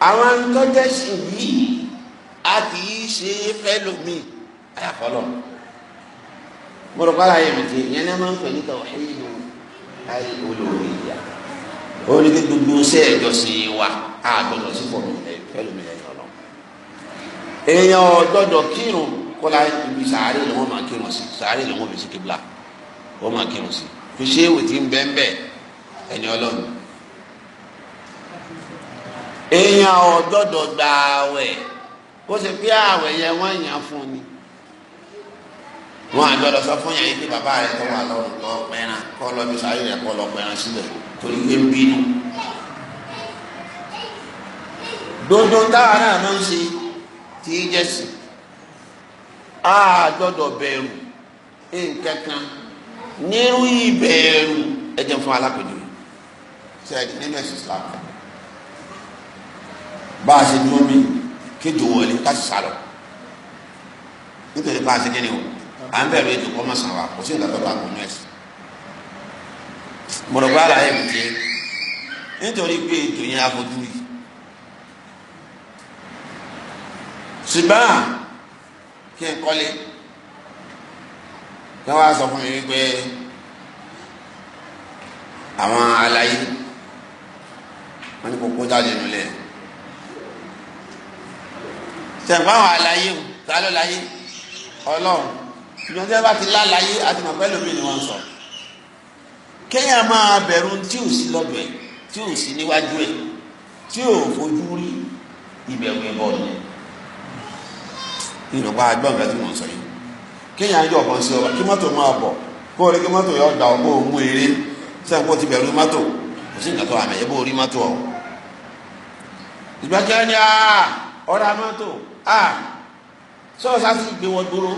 àwọn tọ́jẹ́sìn yìí a kì í ṣe fẹ́ lómi àyàfọ́lọ́ mo rò pàlà yẹn mi ti yẹn náà máa ń pè ní tawhidu al-uluhiyya ó ní kí gbogbo ṣe ẹ̀jọ̀ sí wa àgbọ̀dọ̀ sí pọ̀ ẹ̀ fẹ́ ẹ̀ èèyàn ọ̀dọ́dọ̀ kírun kọ́lá ibi sàárè ni wọ́n máa kírun sí sàárè ni wọ́n fi sí kíbla wọ́n máa kírun sí fi ṣé èwì tí ń bẹ́ẹ̀ bẹ́ẹ̀ ẹni ọlọ́run èèyàn ọ̀dọ́dọ̀ gba àwẹ̀ kó ṣe pé àwẹ̀ yẹn wọ́n yàn fún ni wọ́n àgbọ̀dọ̀ sọ fún yàn yìí pé bàbá rẹ̀ tó wà lọ́wọ́ lọ pẹ́ran kọ́ lọ bí sàárè rẹ̀ kọ́ lọ pẹ́ran sílẹ̀ torí pé ń bínú dodo táwa náà máa ń ṣe tí í jẹ́sìn a gbọ́dọ̀ bẹ̀rù nǹkan kan nírú ìbẹ̀rù ẹ̀jẹ̀ fún alákòjú sẹ́ẹ̀dì nínú ẹ̀sìn Islam bá a ṣe dúró mi kéjò wọlé ká sì sálọ nítorí bá a ṣe kéde o à ń bẹ̀rù ètò kọ́mọ̀sán wa kò sí ìdájọ́ bá a kò ní ẹ̀sìn mọ̀rọ̀gbá àlàyé mi tiẹ̀ nítorí pé ètò yẹn afojú yìí. ṣùgbọ́n kí n kọ́lé kí wọ́n á sọ fún mi wípé àwọn aláyé wọ́n ní kókó jáde nulẹ̀ ṣẹ̀fọ́n àwọn aláyé o ta ló láyé ọlọ́run ṣùgbọ́n tí wọ́n bá ti láláyé àti màpẹ́ lómi ni wọ́n sọ kéèyàn máa bẹ̀rù tí ò sí lọ́dọ̀ ẹ̀ tí ò sí níwájú ẹ̀ tí ò fojú rí ìbẹ̀rù ẹ̀bọ̀ nìyẹn ìrọ̀pá agbọ́n nǹkan tí mò ń sọ yìí kéèyàn ajọ ọ̀kan sí ọba kí mọ́tò máa bọ̀ kó o rí kí mọ́tò yọ ọ̀dà ọgbọ́n òun eré sẹ́yìn kó ti bẹ̀rù mọ́tò kò sí nǹkan tó àmì ẹ̀ bó rí mọ́tò ọ̀ ìgbàjẹ́ ni ọ̀rá mọ́tò sọ́ọ̀sá sì gbé wọn gbóró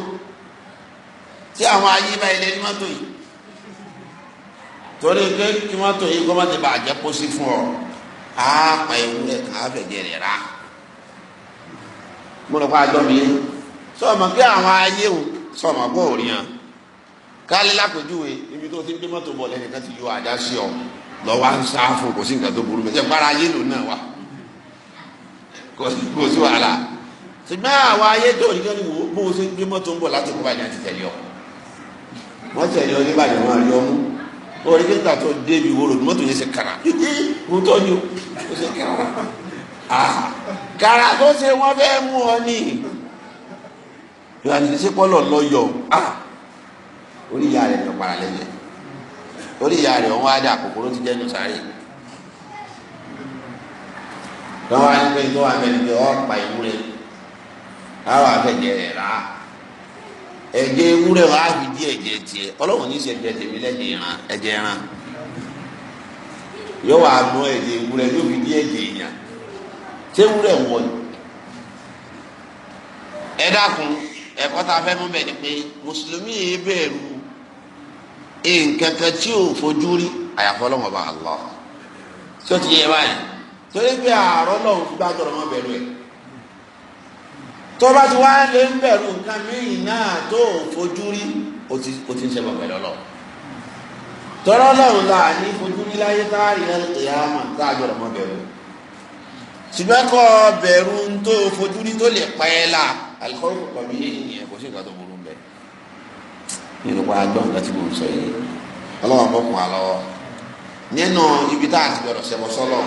tí àwọn ayé bá ilé ní mọ́tò yìí torí pé kí mọ́tò yìí kó má ti bàjẹ́ kó sí fún ọ àápa ewúrẹ́ kàá fẹ̀jẹ̀ rà mo lọ kó àjọ mi yẹn sọ̀mọ̀ kí àwọn ayé o sọ̀mọ̀ bọ̀ ò rí hàn kálí lápèjúwe ibi tó ti ń gbé mọ́tò bọ̀ lẹ́nìkan ti yọ àdá sí ọ lọ́wọ́ ń sáfù kò sí nǹkan tó burú mẹ́tẹ́ gbára ayé lò náà wà kò sí wàhálà ṣùgbọ́n àwọn ayé tó rí kẹ́ni wò bó o ṣe ń gbé mọ́tò ń bọ̀ láti kó bàjẹ́ àti tẹ̀lé ọ wọ́n tẹ̀lé ọ nígbàdàn wọn rí ọ mú orí kí n ta tó débi wóró mọ́tò yẹn ṣe kàrà mo o ṣe kàrà kàrà tó ṣe wọ́n fẹ́ mú ọ nìyí yóò ní ṣe kọ́lọ̀ lọ́yọ̀ Ah, orí ìyá rẹ̀ lọ para lẹ́yìn orí ìyá rẹ̀ wọ́n á dà kòkòrò ti dẹ́nu sáré lọ́wọ́ àyìnbó yìí tó wà bẹ́ẹ̀ ni ọ̀pá ìwúrẹ́ àwọn àfẹ̀jẹ̀ rẹ̀ rà á ẹ̀jẹ̀ ewúrẹ́ wàá fi di ẹ̀jẹ̀ tiẹ̀ ọlọ́run ní í ṣe ẹ̀jẹ̀ tèmi lẹ́jẹ̀ ìran ẹ̀jẹ̀ ìran yóò wá mú ẹ̀jẹ̀ ewúrẹ́ yóò fi di ẹ̀jẹ̀ èèyàn ṣé ewúrẹ́ wọ̀ ni ẹ ẹ̀kọ́ tá a fẹ́ mú bẹ́ẹ̀ ni pé mùsùlùmí yìí bẹ̀rù nǹkan kan tí ò fojú rí àyàfọ́ lọ́wọ́ bá lọ tí ó ti yẹ báyìí torí pé àárọ̀ náà fi bá tọrọ mọ́ bẹ̀rù ẹ̀ tó bá ti wá lé ń bẹ̀rù nǹkan mìíràn náà tó ò fojú rí ó ti ń ṣe bọ̀ pẹ̀lú ọlọ́run lọ́run la ní fojú ní láyé táàrí ẹ̀yàmà táàjọ̀rọ̀ mọ́ bẹ̀rù ṣùgbọ́n kọ́ bẹ̀rù tó fojú ní tó lè pẹ́ la alikọ́wé kò kọ́bí yé ìyẹn kò sí nǹkan tó burú bẹ́ẹ̀. nínú pa agbọ́n nǹkan tí mo ń sọ yìí ọlọ́wọ́n bó kún àlọ́ nínú ibi tá a ti gbọdọ̀ ṣẹbọ sọ́lọ̀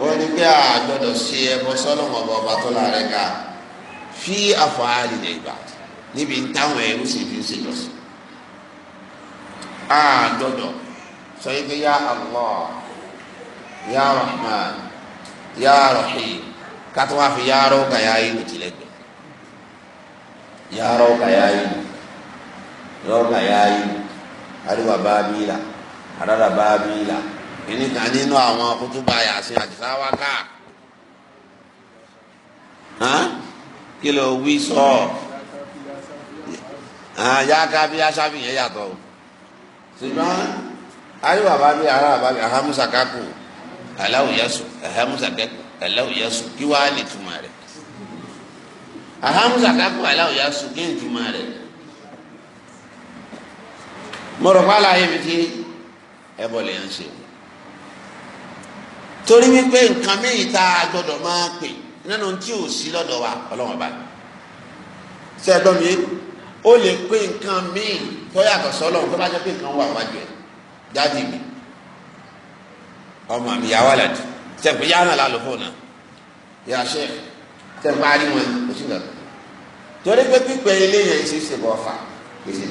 wọ́n ní pé a gbọdọ̀ ṣe ẹbọ sọ́lọ̀ ọba ọba tó láàrẹ̀ ká fí àfọ̀hálì lè gbà níbi táwọn ẹrú sì fi ń ṣèjọsìn a gbọdọ̀ sọ yìí pé yá Allah Ya Rahman yá Rahim kátó wá fi yá rọ́ọ̀kà yá ìlú tilẹ̀ ya rauka ya yi rauka ya yi àríwá bábílà àràrà bábílà ìníkan nínú àwọn kútúbà yàtí àdìsáwá ká kí ló wí sọ yáká bí aṣáfi yẹn yàtọ̀ ṣùgbọ́n àríwá bábílà àràrà bábílà ahamusa kakù aláwùyẹsù ahamusa kakù aláwùyẹsù kí wàá lè túmọ̀ rẹ̀ ahamusa kakọ aláwọ ya sùn kí n jùmọ rẹ mọ̀rọ̀ pa láàyè mi ti ẹ bọ̀ lè ń ṣe torí wípé nǹkan méjì tá a gbọdọ̀ máa pè nínú tí ò sí lọ́dọ̀ wa ọlọ́wọ́n bá ṣe ẹgbọ́n mi ó lè pé nǹkan míì tó yàtọ̀ sọ́lọ́ tó bá jẹ́ pé nǹkan wà wájú ẹ̀ dáàdì mi ọmọ mi yà wà lẹ́dí ṣe pé yàrá lálùfọ́ yà ṣe tẹ̀ ń pa wọn kò sí nǹkan torí pé pípẹ́ eléyàn ṣe ṣe bọ̀ fà kì í ṣe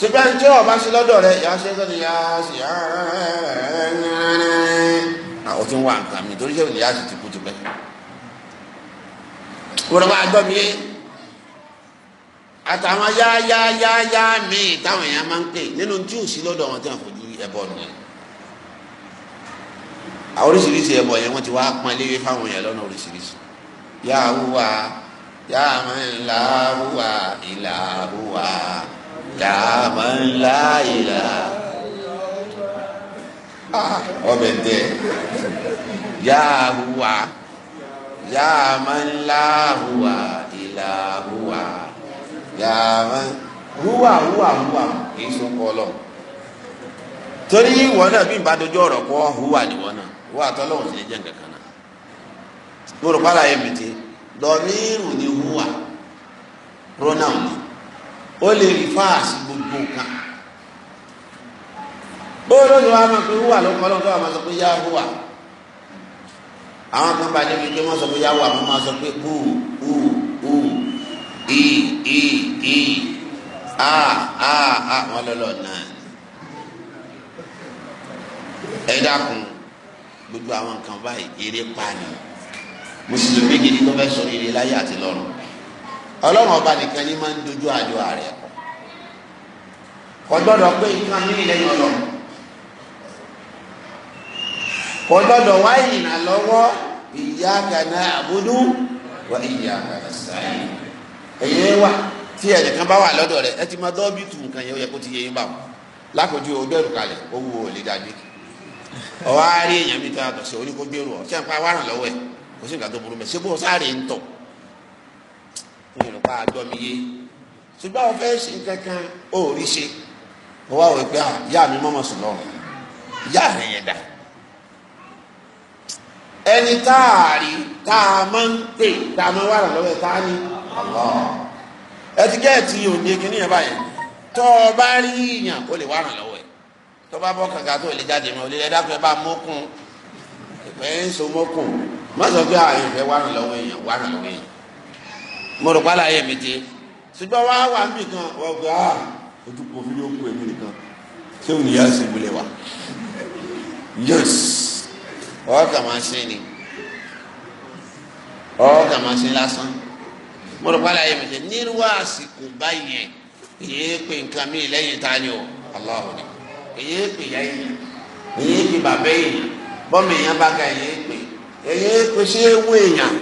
ṣùgbọ́n tí ọba sí lọ́dọ̀ rẹ yà á ṣe sọ́ni yà á sì yà á àwọn tí ń wà nǹkan mi torí ṣé òní yà á sì ti kú ti pẹ́ wọ́n máa yé àtàwọn yá yá yá yá míì táwọn èèyàn máa ń pè nínú tí ò sí lọ́dọ̀ wọn tí wọ́n fojú ẹbọ nìyẹn àwọn oríṣiríṣi ẹbọ yẹn wọ́n ti wá pọn léwé fáwọn yẹn lọ́nà oríṣiríṣi yá wúwa yá máa ń la wúwa ìlà wúwa yá máa ń la la wúwa ìlà wúwa yá máa wúwa wúwa wúwa kì í sọ kọ́ lọ torí wọn náà bí n bá dojú ọ̀rọ̀ kọ́ hùwà ni wọn náà wọ́n àtọ́lọ́hùn sì lè jẹ́ nǹkan kan náà gbọ́dọ̀ pàrọ̀ ayé mi ti dọ̀míìrù ni wúwà pronoun ni ó lè rí fáàsì gbogbo kan bóòlù ni wàá máa fi wúwà ló kọ́ lọ́dọ̀ àwọn sọ pé yá wúwà àwọn kan bá dé mi pé wọ́n sọ pé yá wúwà máa sọ pé hù hù hù ì ì ì a a a wọ́n lọ́lọ́ náà ẹ dákun gbogbo àwọn nǹkan báyìí eré pani mùsùlùmí gidi tó fẹ́ sọ eré láyé àti lọ́run ọlọ́run ọba nìkan ni máa ń dojú àjọ ààrẹ kọ gbọ́dọ̀ pé nǹkan ní ilẹ̀ yìí lọ kọ gbọ́dọ̀ wá ìyìnà lọ́wọ́ iyyaka na'budu wa iyyaka nasta'in ẹ̀yẹ wà tí ẹnìkan bá wà lọ́dọ̀ rẹ̀ ẹ ti máa dọ́ọ́bì tù nǹkan yẹn ó yẹ kó ti yẹ yín bá wọn lákòójú ọgbẹ́rù kalẹ̀ owó ò lè dàbí k ọwọ àárẹ èèyàn mi tó yàtọ̀ sí oníkó gbèrú ọ ṣé àpá wàrà lọ́wọ́ ẹ kò sí nǹkan tó burú mẹ ṣé bó sáré ń tọ òun ló pa àjọ mi yé ṣùgbọ́n àwọn fẹ́ ṣe kankan ó rí ṣe wọ́n wá wọ̀ pé yá mi mọ́mọ́ sùn lọ́rùn yá rẹ̀ yẹn dà ẹni tá a rí tá a máa ń pè tá a máa wà lọ́wọ́ ẹ̀ tá a ní ẹ ti gẹ́ẹ̀tì òde kìnìyàn báyìí tọ́ ọ bá rí yàn ó lè wà lọ́wọ́ tó bá bọ́ kàkà tó lè jáde mọ́ olè ẹ̀dá fẹ́ bá mọ́kùn ìfẹ́ ń so mọ́kùn má sọ pé àyè ìfẹ́ wà lọ́wọ́ èèyàn wà lọ́wọ́ èèyàn mo rò pálá ayé mi ti ṣùgbọ́n wá wà mí kan ọgbà ojú kò fi yóò kú èmi nìkan ṣé òun yà sí ìbúlẹ̀ wa yes ọkà máa ṣe ni ọkà máa ṣe lásán mo rò pálá ayé mi ti nírú àsìkò báyẹn èyí pé nǹkan mi lẹ́yìn tá a ní o aláwọ̀ ni èyí pè ya èyàn èyí pè bàbá èyàn bọ́mọ èyàn bá ka èyí pè èyí pè sí ewu èyàn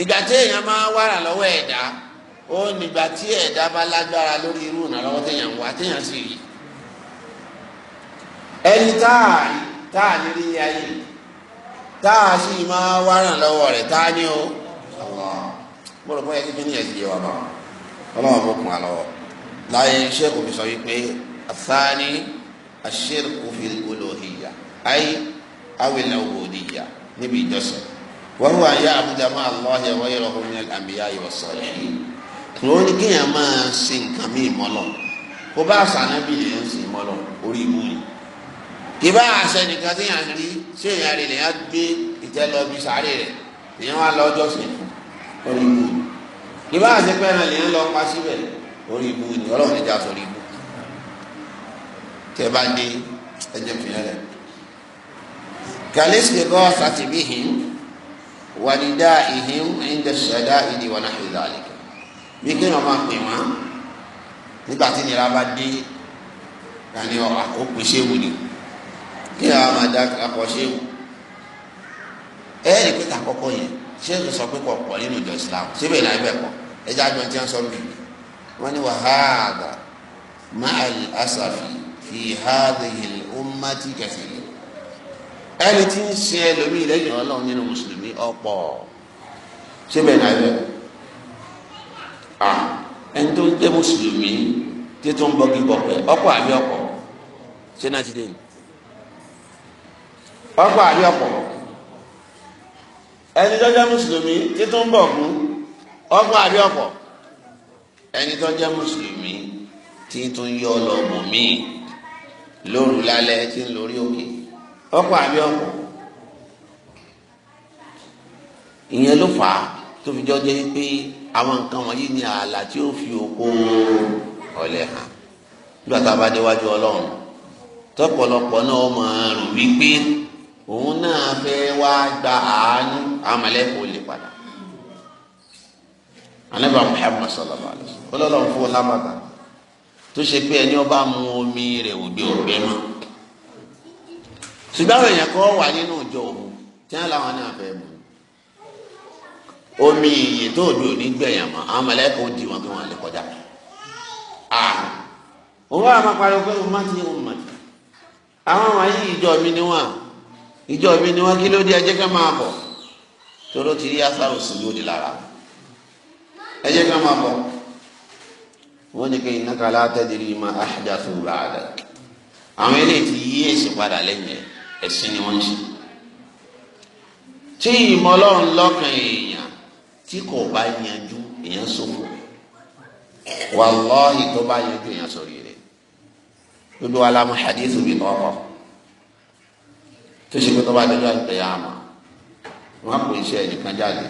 ìgbà tí èyàn máa wàrà lọ́wọ́ ẹ̀dá ó nígbà tí ẹ̀dá bá lágbára lórí irú ìrànlọ́wọ́ téèyàn wà téèyàn sì rí ẹni táà táà nílé ayé táà sì máa wàrà lọ́wọ́ rẹ̀ táà ní o mo rò pé ẹni bí ní ẹ̀sìn yẹ wà bá wọn ọlọ́wọ́ bó kún wa lọ́wọ́ láyé iṣẹ́ kò fi sọ wípé athani ashirku fil uluhiyya ay awil ubudiyya níbi ìjọsìn wa huwa an ya'buda ma'a Allahi ghayrahu min al-anbiya'i was-salihin ló ní kéèyàn máa ṣe nǹkan mí mọ́lọ̀ kó bá àṣà náà bí lè ń ṣe mọ́lọ̀ orí ibú ni ìbá àṣẹ nìkan tí yàn rí ṣé èèyàn rí lèyàn gbé ìtẹ́ lọ bí sáré rẹ̀ lèyàn wá lọ jọ́sìn orí ibú ni ìbá àṣẹ pẹ́ẹ́rẹ́ lèyàn lọ pa síbẹ̀ orí ibú ni ọlọ́run níjà sórí ibú tẹ bá dé ẹjẹ fìyà rẹ kàlẹ́sì lè bá wa sàtìbí hìn wàlídà ìhìn ẹ̀ńdẹ ṣẹ̀dá ìdí wọn náà ìlú àlẹ́ bí kéèyàn máa pè wọ́n nígbà tí nira bá dé yàní àkókò ṣéwù ni kéèyàn máa dá akọ ṣéwù ẹ̀ẹ́dì pété àkọ́kọ́ yẹn ṣéwù sọ pé kọ̀ pọ̀ nínú ìjọ Islam síbẹ̀ náà ibẹ̀ kọ̀ ẹ̀jẹ̀ àjọ tí wọ́n sọ mí wọ́n ní wàhálà máa asafi fi hadhihi al-ummati kaseer ẹni tí ń ṣe ẹlòmíì lẹ́yìn ọlọ́run nínú mùsùlùmí ọ̀pọ̀ ṣé bẹ́ẹ̀ náà bẹ́ẹ̀ ẹni tó ń jẹ́ mùsùlùmí tí tó ń bọ́ kí bọ̀ pẹ́ ọ̀pọ̀ àbí ọ̀pọ̀ ṣé náà ti dé ni ọ̀pọ̀ àbí ọ̀pọ̀ ẹni tó jẹ́ mùsùlùmí tí tó ń bọ̀ kú ọ̀pọ̀ àbí ọ̀pọ̀ ẹni tó jẹ́ mùsùlùmí tí tó ń yọ ọlọ́ọ̀bù míì lóru lálẹ́ tí ń lórí òkè ọkọ̀ àbí ọkọ̀ ìyẹn ló fà á tó fi jọ jẹ́ pé àwọn nǹkan wọ̀nyí ni ààlà tí ó fi òkú ọ̀lẹ̀ hàn nígbà tá a bá déwájú ọlọ́run tọ́pọ̀lọpọ̀ náà máa rò wípé òun náà fẹ́ wá gba àánú àmọ̀lẹ́kùn lè padà. anábàá Muhammad sallallahu alayhi wa sallam ọlọ́run fún un tó ṣe pé ẹni ọba mu omi rẹ̀ ògbé ògbé mọ́ ṣùgbọ́n àwọn èèyàn kan wà nínú ìjọ òun tí wọ́n láwọn náà fẹ́ mu omi iye tó dùn ní gbẹ̀yàn mọ́ àwọn mọ̀lẹ́kọ̀ di wọn kí wọ́n lè kọjá òun àwọn apariwo pé mo máa ti ń mọ̀ àwọn wọ̀nyí ìjọ mi ni wọ́n ìjọ mi ni wọ́n kí ló dé ẹjẹ́ ká máa bọ̀ toró ti rí asáròsì lóde lára ẹjẹ́ ká máa bọ̀ wọ́n ní kí innaka la tadri ma ahdathu ba'dak àwọn eléyìí ti yí èsì padà lẹ́yìn ẹ̀sìn ni wọ́n ń ṣe. tí ìmọ̀ ọlọ́run lọ́kàn èèyàn tí kò bá yanjú èèyàn ṣòfò wàlọ́ọ̀hì tó bá yanjú èèyàn sọ̀rọ̀ rẹ̀ lódò alámú hadith bí lọ́kọ̀ tó ṣe pé tó bá dẹ́jọ́ àgbẹ̀yà àmọ́ wọ́n á pè iṣẹ́ ẹnìkan jáde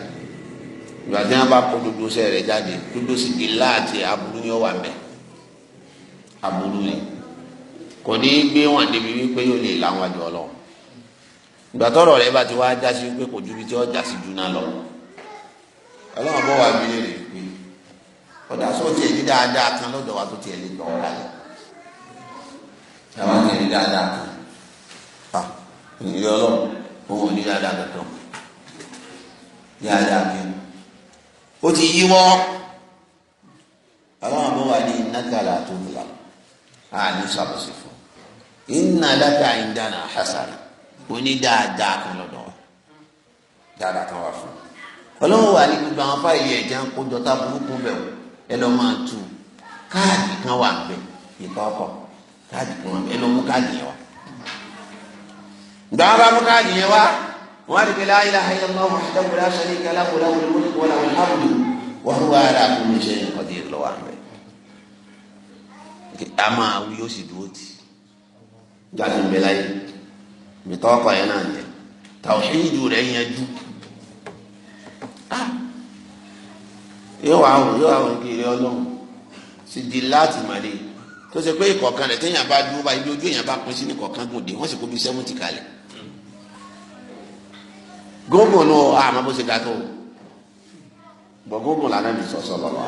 ìgbà tí wọn bá kó dodo sẹ rẹ jáde dodo sì di láàtì aburú ni ó wà mẹ aburú ni kò ní í gbé wọn débi wípé yóò lè láwọn àjọ lọ ìgbà tọrọ rẹ bá ti wá já sí wípé kò ju ibi tí wọn já sí ju náà lọ Ọlọ́run bọ wà mí lè rè ọdà sọ tiẹ̀ dáadáa kan lọ́dọ̀ wa tó tiẹ̀ lè gbọ ọ láyé àwọn tiẹ̀ dáadáa kan pa ìrìn òun ò ní dáadáa kankan yáadáa kan. o ti yí wọ́ àwọn àbọ̀ wà ní nàkàlà tó ń lọ àní sàbòsì fún iná dáka ìdáná hasari oní kan lọ́dọ̀ wa dáadáa kan wà fún ọlọ́run wà ní gbogbo àwọn fáìlì burúkú bẹ̀ ẹ lọ́ máa tu káàdì kan wà bẹ̀ ìkọ́ káàdì kan ẹ lọ́ mú káàdì yẹn wá gbàgbà mú káàdì yẹn wá. وأن لا إله إلا الله وحده لا شريك له له الملك وله الحمد وهو على كل شيء قدير لو أحمد أما أوليو سيدوتي jáde ń bẹ láyé mìtọ́ ọkọ yẹn náà yẹ tàwíìdù rẹ̀ yẹn dú ah! yóò wá yóò wá wò kí sì di láti màlẹ́ tó ṣe pé ìkọ̀kan rẹ̀ téèyàn bá dúró báyìí bí ojú èèyàn bá pín sí ní kọ̀kan gòdè wọ́n sì kó bí sẹ́mùtì kalẹ̀ gógùn nù ọ àmọ́ bó ṣe ga tó bọ gógùn lànà mi sọsọ lọlọ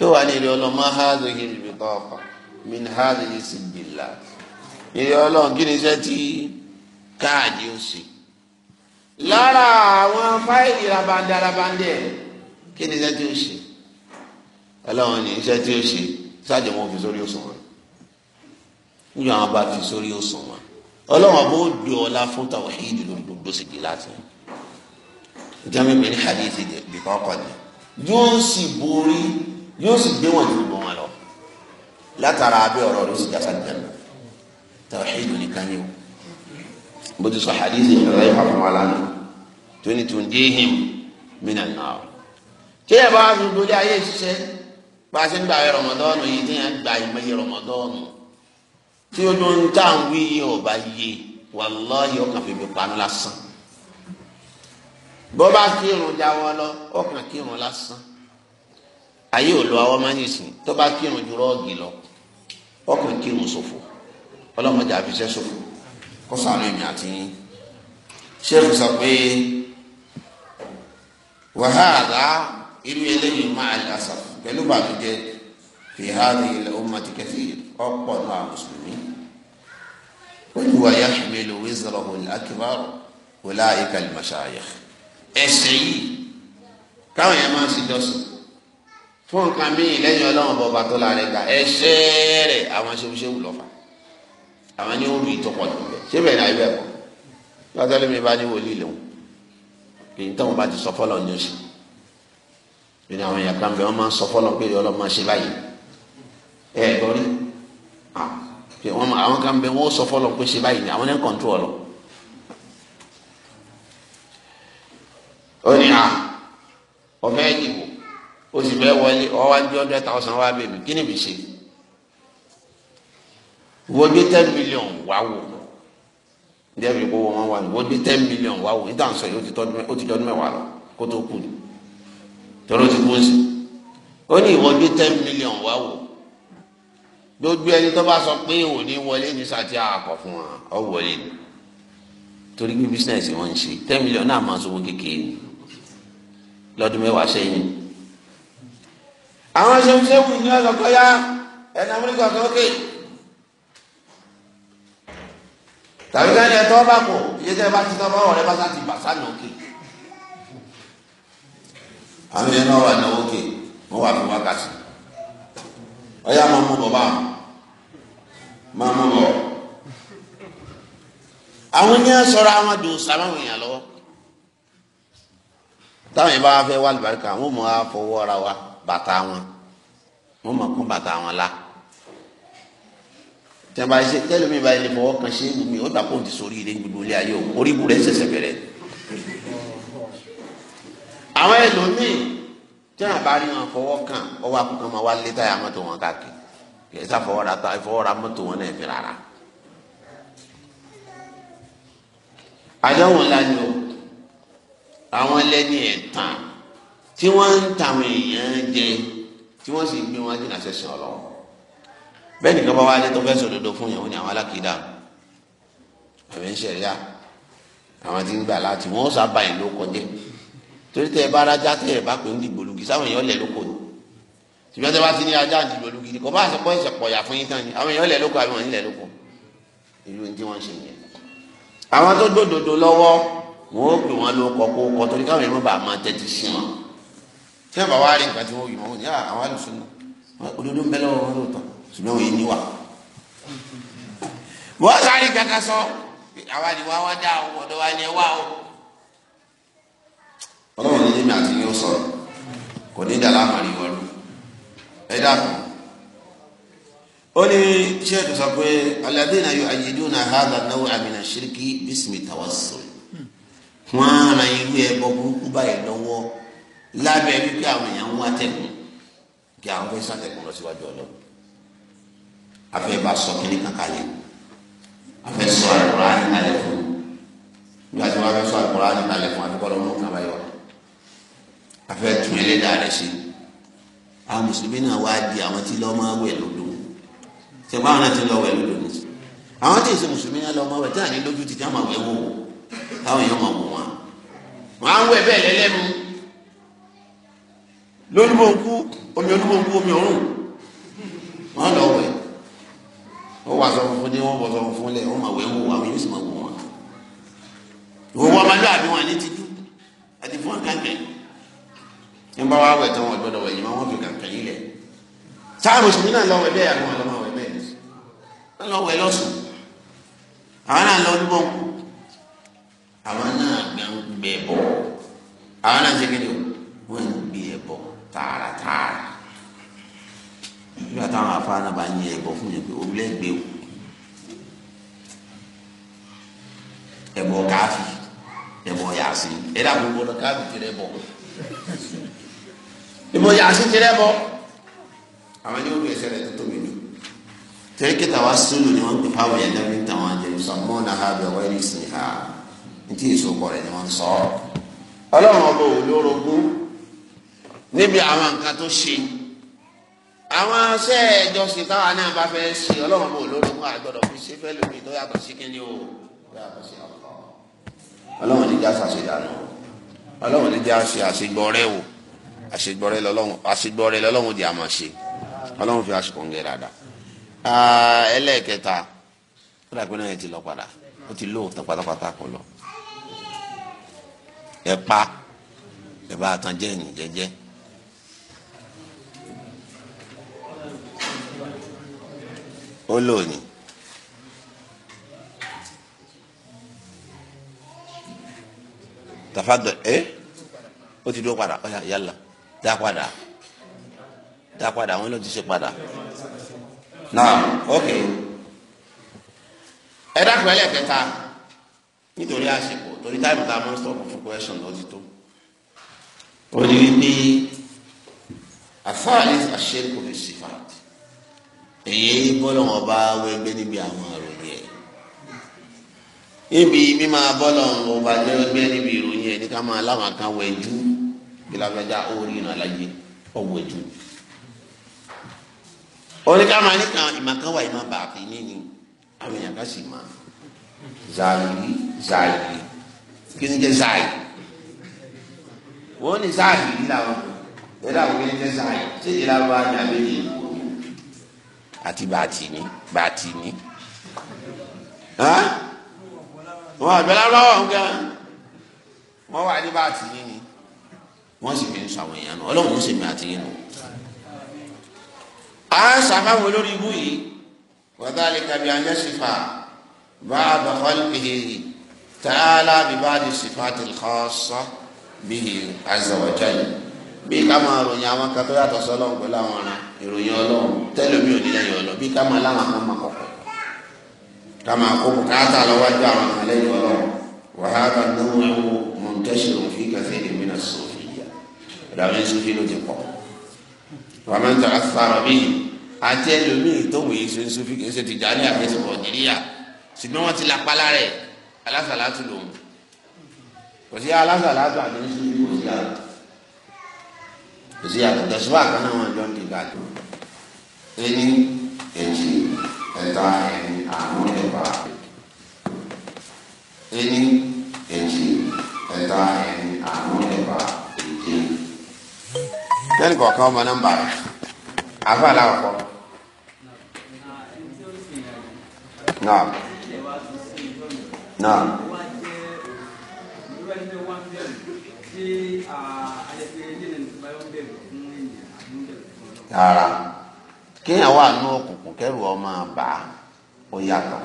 yóò wá ní ìrẹ ọlọmọ ahazọhí bíbí kọ ọkọ min ahazọhí sì bìlà ìrẹ Ọlọ́run kí ni iṣẹ́ tí káàdì ó sì lára àwọn fáìlì rabandẹ rabandẹ kí ni iṣẹ́ tí ó ṣe Ọlọ́run ní iṣẹ́ tí ó ṣe sáàjọ wọn fi sórí òṣùwọ̀n níjọ àwọn bá fi sórí òṣùwọ̀n Ọlọ́run àbó gbé ọlá fún tàwọn èyí lórí gbósì gbé láti jami mi ní hadithi bí kan kọ ni yóò sì borí yóò sì gbé wọn ju gbogbo wọn lọ látara abẹ ọ̀rọ̀ rẹ̀ ó sì jásá jẹun tawhidu nìkan yìí o bó ti sọ hadithi ìrẹ̀lẹ́ ìfàfún wa lánàá tó ní tundihim minan nar tí ẹ bá fi dolé ayé ṣiṣẹ́ bá a ayé rọmọdọ́ọ̀nù yìí tí gba ìmọ̀ye rọmọdọ́ọ̀nù tí ojú ń tà wí yìí ọba yìí wàláhì ọkàn fi mi pa ń lásán bó bá kírun jáwọ́ lọ ọkàn kírun lásán ayé ò lọ àwọn máa ń yìísìn tó bá kírun ju rọ́ọ̀gì lọ ọkàn kírun ṣòfò ọlọ́mọdé àfiṣẹ́ ṣòfò kó sànú èmi àti yín ṣéèkù sọ pé wàhálà irú eléyìí máa ń àṣà pẹ̀lú bàbí jẹ́ ilẹ̀ ó máa ti kẹ́sì mùsùlùmí ó ní wàá yàhùmẹ́lò wíṣọ̀rọ̀ olùhàkìbárò wọlé àyíká lùmọ̀ṣáyà ẹ̀sìn yìí káwọn yẹn máa ń ṣe jọ́sìn fún nǹkan míì lẹ́yìn ọlọ́run bọba tó la rẹ̀ gbà ẹ̀ṣẹ̀ rẹ̀ àwọn ṣéwúṣéwù lọ́fà àwọn ní òru ìtọ́pọ̀ ló ṣé bẹ̀rẹ̀ ayé bẹ̀ kọ́ lọ́jọ́ lómi bá ní wòlíì lòun èyí táwọn bá ti sọ fọ́lọ̀ ní oṣù ìní àwọn èèyàn kan bẹ̀ wọ́n máa ń sọ fọ́lọ̀ pé ọlọ́run máa ṣe báyìí ẹ̀ gbọ́rí àwọn wọn àwọn kan bẹ wọn sọ fọlọ pé ṣe báyìí ni àwọn ẹn kọńtró ọlọ. ó ní à ah, ọbẹ̀ ìdìbò ó sì fẹ́ wọlé ọwọ́ adé ọdún ẹ̀ta ọ̀sán wa bèbí kí ni mi ṣe wọ́n ten million wá wò ndẹ́bi kó wọ́n wá ní wọ́n ten million wá wò níta sọ yìí ó ti dọ́dún mẹ́wàá lọ kó tó kù ní tọ́lọ́ ti kú sí ó ní ìwọ́n gbé ten million wá gbogbo ẹni tó bá sọ pé ò ní wọlé ní sátì àkọ fún wa ọ wọlé ni torí pé bísínẹsì wọn ń ṣe ten million náà máa sọ owó kékeré ni lọ́dún mẹ́wàá sẹ́yìn. àwọn ṣẹ́fúnṣẹ́fún ní ọ̀sán kọ́ yá ẹ̀nà amúríkà sókè tàbí ká ní ẹ̀ tọ́ bá kù iye tẹ́ bá ti tọ́ bá ọ̀rẹ́ bá sá ti bà ní òkè. àwọn yẹn náà wà ní òkè wọ́n wà fún wákàtí ọyá máa mú bọ̀ báà máa mú bọ̀ àwọn ní sọ̀rọ̀ àwọn dòòsà máwọn èèyàn lọ́wọ́ táwọn yẹn bá wá fẹ́ wá lùbáríkà wọn ò mọ àfọwọ́ ara wa bàtà wọn wọn mọ kún bàtà wọn la tẹnba ṣe tẹlifí báyìí lè fọwọ́ kan ṣe é mi ó dàpọ̀ ti sórí ilé gbogbo ilé ayé o orí ibú rẹ̀ ń ṣẹ̀ṣẹ̀ bẹ̀rẹ̀ àwọn ẹlòmíì tí wọn bá rí wọn fọwọ́ kàn ọwọ́ akókò máa wá lé táyà mọ́tò wọn káàkiri kì í sáfọwọ́ra ta ìfọwọ́ra mọ́tò wọn náà fi rárá. àdáwọn ńlá ni o àwọn lẹ́ni ẹ̀tàn tí wọ́n ń tàwọn èèyàn jẹ tí wọ́n sì gbé wọn jìnnà sẹ́sìn ọlọ́wọ́ bẹ́ẹ̀ nìkan bá wá dé tó fẹ́ sòdodo fún yẹn wọ́n ní àwọn alákìídà àbẹ̀ ń àwọn tí ń gbà láti wọ́n sábà ìlú kọjá torí tẹ ẹ bá rájá tẹ ẹ bá pè ń dìgbò lugi sáwọn èèyàn lẹ lóko ni ṣùgbọ́n tẹ bá ti ní ajá ń dìgbò lugi kò bá àṣepọ̀ ìṣẹ̀pọ̀ yà fún yín tán ni àwọn èèyàn lẹ lóko àbí wọn nílẹ̀ lóko ìlú ní tí wọ́n ń ṣe nìyẹn. àwọn tó gbódòdó lọ́wọ́ wọn ó pè wọn lóko kó kọ torí káwọn èèyàn bá máa tẹ́tí sí wọn. tẹ́ bá wá rí nǹkan tí wọ́n yìí wọn ò ní àwọn àlùsùn náà òdodo ń bẹ lọ́wọ́ ọlọ́run ní jẹ́mi àti yóò sọ̀rọ̀ kò ní dàlá àmàlí wọn lù ẹ dàpọ̀. ó ní ṣéèkì sọ pé alladhina yu'ayyiduna hadha an-naw'a mina ash-shirki bismi tawassul wọn á ran irú ẹbọ burúkú báyìí lọ́wọ́ lábẹ́ wípé àwọn èèyàn ń wá tẹ̀gùn kí àwọn fẹ́ sàtẹ̀gùn lọ síwájú ọlọ́run afẹ́ bá sọ kínní kankan yẹn afẹ́ sọ àlùkò ránì kalẹ̀ fún gbàtí wọn afẹ́ sọ àlùkò ránì kalẹ̀ fún àfikọ́ lọ́mú kaba yọ afẹ́ tún ẹlẹ́dàá rẹ̀ ṣe àwọn mùsùlùmí náà wá di àwọn tí lọ́ọ́ máa wẹ̀ lódò ṣe báwọn náà ti lọ́ọ́ wẹ̀ lódò ní. àwọn tí èsì mùsùlùmí náà lọ́ọ́ máa wẹ̀ tí àní lójú ti dáhùn àwẹ̀ wò táwọn èèyàn máa wò wọn. wọn á ń wẹ̀ bẹ́ẹ̀ lẹ́lẹ́mu lólúbọ̀nkú omi olúbọ̀nkú omi ọ̀rùn wọn lọ wẹ̀ ó wà sọ fún ní wọn bọ̀ sọ fún lẹ̀ wọn máa wẹ̀ wò àwọn yóò sì máa wò wọn. òwò ọmọlúwàbí wọn ní tijú àti fún àkàkẹ́ ń bá wá wẹ̀ tán wọn gbọ́dọ̀ wẹ̀ yìí máa wọ́n fi kàǹkàn yìí lẹ̀ táà mùsùlùmí náà lọ wẹ̀ bẹ́ẹ̀ àwọn ọlọ́mọ wẹ̀ bẹ́ẹ̀ ni lọ wẹ̀ lọ́sùn àwọn náà lọ dúbọ̀ kú àwọn náà gbẹ bọ̀ àwọn náà ń segin ní o wọ́n ń gbé ẹ bọ̀ tààràtààrà nígbà táwọn afáàná bá ń yẹ ẹbọ fún yẹn pé orílẹ̀ gbé o ẹbọ káfí ẹbọ yàsí ẹ̀dá gbogbo lọ ìbò yà sí ti rẹ́bọ àwọn yóò rí ẹsẹ̀ rẹ̀ tó tóbi nù. torí wá sólù ni wọ́n pè fáwọn yẹn lẹ́nu níta wọn jẹ́ sọ mọ́ náà ha bẹ̀ wẹ́rì sí ha ní tí ni wọ́n sọ. ọlọ́run ọba ò lórogún níbi àwọn nǹkan tó ṣe àwọn iṣẹ́ ìjọsìn táwa náà bá fẹ́ ṣe ọlọ́run ọba ò lórogún fi ṣe fẹ́ lómi tó yàtọ̀ sí kíni o yàtọ̀ sí ọlọ́run ní jẹ́ àṣàṣe dànù ọlọ́run ní jẹ́ àṣe àṣegbọ́ rẹ̀ àṣegbọ́rẹ́ lọ́lọ́run àṣegbọ́rẹ́ lọ́lọ́run di àmọ́ ṣe ọlọ́run fi aṣọ kọ̀ǹgẹ̀ dáadáa. ẹlẹ́ẹ̀kẹta ó dàgbé náà ti lọ padà ó ti lóòótọ́ pátápátá kọ lọ. ẹ pa ẹ bá tan jẹ́ ẹ̀yìn jẹ́jẹ́. ó lóòyìn. tafadọ ẹ ó ti dúró padà ó yálà dá padà dá padà àwọn ló ti ṣe padà náà ok ẹ dákun ẹlẹ́kẹta nítorí àsìkò torí táìmù tá a mọ̀ stop fún question lọ́dí tó ó ní wípé àfáàlì àṣẹ́kù lè ṣe fàájì èyí bọ́lọ́wọ́ bá wẹgbẹ́ níbi àwọn àròyìn ẹ̀ níbi mímọ abọ́lọ́wọ́ bá wẹgbẹ́ níbi ìròyìn ẹ̀ ní ká máa láwọn kan wẹ̀jú gbẹlagbẹdza orí iná lajẹ ọwọ́ ju oníkàmá nìkan ìmàkan wà ìmà bàtì nínú àwọn èèyàn ká sì má zàyí zàyí kí ni jẹ zàyí wọn ni zàyí yìí làwọn ẹ dàbọ kí ni jẹ zàyí ṣé yìí làwọn àmì àbẹyẹ àti bàtì ní bàtì ní wọn àgbẹ̀lá lọ́wọ́ nǹkan wọn wà ní bàtì ní ni wọ́n sì fi ń sọ àwọn èèyàn nù ọlọ́run ń sèmi àti yín nù. a sàfáwọn olórí ibú yìí wadhalika bí an yasifa ba'd khalqihi ta'ala bi ba'd sifatil khassa bihi azza wa jalla bí ká máa ròyìn àwọn kan tó yàtọ̀ sọ́lọ́run pẹ̀lú àwọn ọ̀ràn ìròyìn ọlọ́run tẹ́lẹ̀mí ò ní lẹ́yìn ọlọ́ bí ká láwọn kan máa kọ̀kọ̀ ká máa kó bùkátà lọ́wọ́jú àwọn kan lẹ́yìn ọlọ́run wa hadha an-naw'u ìdààmú sufi ló ti pọ̀ wàá máa ń tọ́ afárá bíi àti ẹlòmíì tó wòye ṣe ń sufi kìí ṣe Tìjàní àfẹsẹ̀ Nàìjíríà ṣùgbọ́n wọ́n ti la pálá rẹ̀ alásàlátù lòun kò sí alásàlátù àti sufi kò sí àtọ̀ kò sí àtọ̀ tẹ̀síwá kan náà wọ́n jọ ń kíkà tó ẹni èjì ẹ̀ta ẹni àánú ẹ̀fà ẹni èjì ẹ̀ta ẹni àánú yẹn nìkan kan ọmọ nọ́mbà rẹ àfa aláwọ kọ. náà náà. rárá kéèyàn wà nínú òkùnkùn kẹrù ọmọ àbá ó yàtọ̀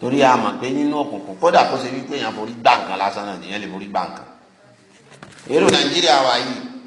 torí a mọ̀ pé nínú òkùnkùn kódà kó ṣe wípé èèyàn forí gbà nǹkan lásán náà nìyẹn lè forí gbà èrò nàìjíríà wa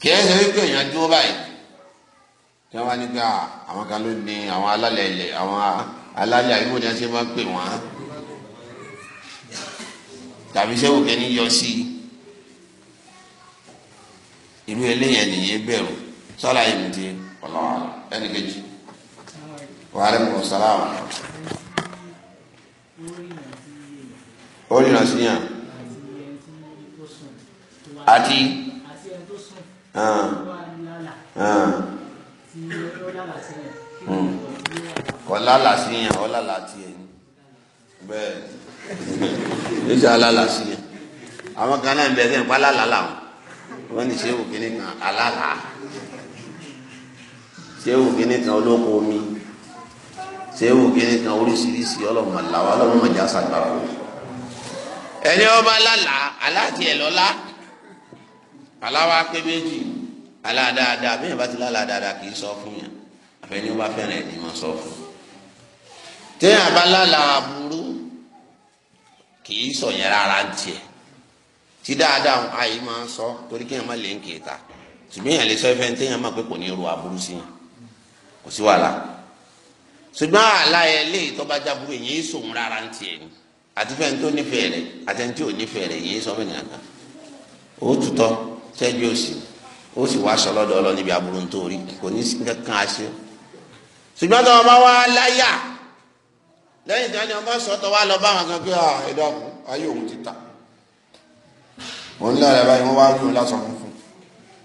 kì í ṣe wípé èèyàn dúró báyìí kí wọ́n ní pé ah, àwọn kan ló ní àwọn alálẹ̀ ilẹ̀ àwọn alálẹ̀ àyíwò ni wọ́n ṣe máa ń pè wọ́n tàbí sẹ́wọ̀n kẹ́ni yọ sí irú eléyẹn nìyẹn bẹ̀rù sọ́la yìí mi ti ọlọ́wà ẹnì kejì wàhálà mi kò sára wà. ó sí yàn àti. kọlá ah. ah. làásì yẹn ọlá làásì yẹn bẹ́ẹ̀ níṣẹ ọlá làásì yẹn àwọn kan náà ń bẹ ẹsẹ nípa alálà làwọn wọn ní sẹwù kínní kan alálà sẹwù kínní kan olóko omi sẹwù kínní kan oríṣiríṣi ọlọmọ làwọn ọlọmọ mọjà sàgbà fún ẹni ọba alálà aláàtì ẹ lọlá aláwa pé méjì aláàdáadáa bẹ́ẹ̀ bá ti láàdáadáa kì í sọ fún yàn àfẹ́ ni ó bá fẹ́ràn ẹ̀dín mọ́ sọ fún. téèyàn bá lálàá burú kì í sọ yẹn rárá tiẹ̀ tí dáadáa àyè máa sọ torí kéèyàn má lè ń kéta ṣùgbọ́n èèyàn lè sọ ẹfẹ́ téèyàn má pé kò ní ru aburú sí yàn kò sí wàhálà ṣùgbọ́n àlàyé lè tọ́ba jábúrú èyí ń sòun rárá ń ni àti fẹ́ni tó nífẹ̀ẹ́ rẹ̀ àtẹ̀ntì ò nífẹ̀ẹ́ rẹ̀ èyí sọ fẹ́ni àgbà ó tutọ́ sẹ́bi òsì ó sì wá sọ lọ́dọ̀ ọlọ́ níbi aburú ń torí kò ní kankan àṣẹ. ṣùgbọ́n tó o bá wá láyà lẹ́yìn tí wọ́n ní ọmọ sọ́tọ̀ wá lọ bá wọn kan pé ah, ẹ̀dá ọkùn ayé òun ti ta. òun lára báyìí wọ́n wá rí òun lásán funfun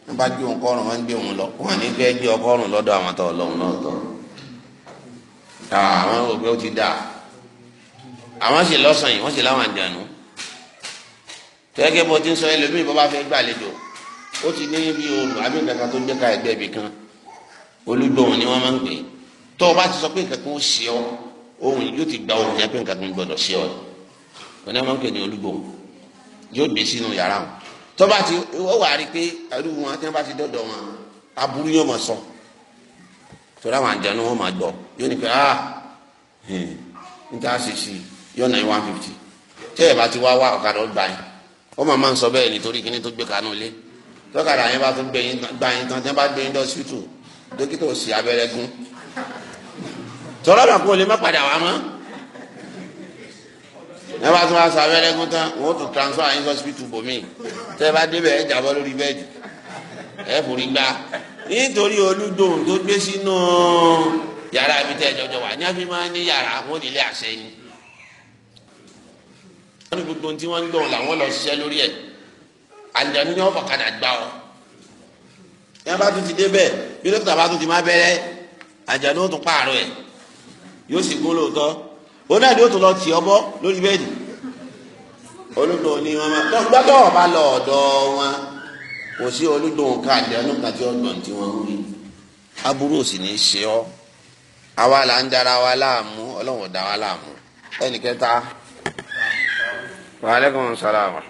wọ́n bá gbé òun kọ́rùn wọ́n gbé òun lọ wọ́n ní fẹ́ gbé ọkọ́rùn lọ́dọ̀ àwọn tó lọ́hùn náà tọ́. Ah, àwọn òpin ó ti dà àwọn sì lọ́sàn yìí wọ́n sì láwọn àjànú. tẹ́gẹ́ bó ti ń sọ ẹlòmíì bó bá fẹ́ gbàlejò ó ti ní bí olù àbí nǹkan tó ń jẹ́ ká ẹgbẹ́ ibì kan olùgbọ̀n ni wọ́n máa ń gbé tó o bá ti sọ pé nǹkan kan ó ṣe ọ ohun yóò ti gba ohun yẹn pé nǹkan kan gbọdọ̀ ṣe ọ wọn náà máa ń pè ní olùgbọ̀n yóò gbé sínú yàrá wọn tó bá ti ó wà á rí i pé àdúgbò wọn tí wọn bá ti dọ̀dọ̀ wọn aburú yóò máa sọ torí àwọn àjẹnú wọn máa gbọ́ yóò ní pé ah hmm ta ṣe sí yóò náà one fifty tí ẹ bá ti wá wá ọ̀kadà ó gbà yín ó máa máa ń sọ bẹ́ẹ̀ nítorí kíní tó gbé kanú lé tọ́kadà yẹn bá tún gba yín tán tí wọ́n bá gbé yín dọ́sítù dókítà ò sí abẹ́rẹ́ gún tọ́lọ́dọ̀ kó lè má padà wá mọ́ ní wọ́n bá tún wá sọ abẹ́rẹ́ gún tán wọ́n tún transfer yín sọ́sítù bòmí tẹ́ ẹ bá débẹ̀ ẹ jàbọ́ lórí bẹ́ẹ̀dì ẹ forí gbá nítorí olúdòun tó gbé sínú yàrá ibi tẹ́ ẹ jọjọ wà ní àfi máa ń ní yàrá wọn nílé àṣẹ yín. wọ́n ní gbogbo tí wọ́n ń gbọ̀n làwọn lọ ṣiṣẹ́ lórí ẹ̀ àjànú ni wọn fọkadà gbà ọ yẹn bá tún ti dé bẹ́ẹ̀ bí dókítà bá tún ti má bẹ̀rẹ̀ àjànú ó tún pààrọ̀ ẹ yóò sì gún lóòótọ́ òun náà ni ó tún lọ tì ọbọ lórí bẹ́ẹ̀dì olùdùn ni wọn máa gbàtọ ọba lọ ọ̀dọ̀ wọn kò sí olùdùn ká àjànú kàti ọgbọ́n tí wọn wí aburú ò sì ní í ṣe ọ àwa là ń dara wa láàmú ọlọ́wọ̀n dá wa láàmú ẹnì kẹta. wa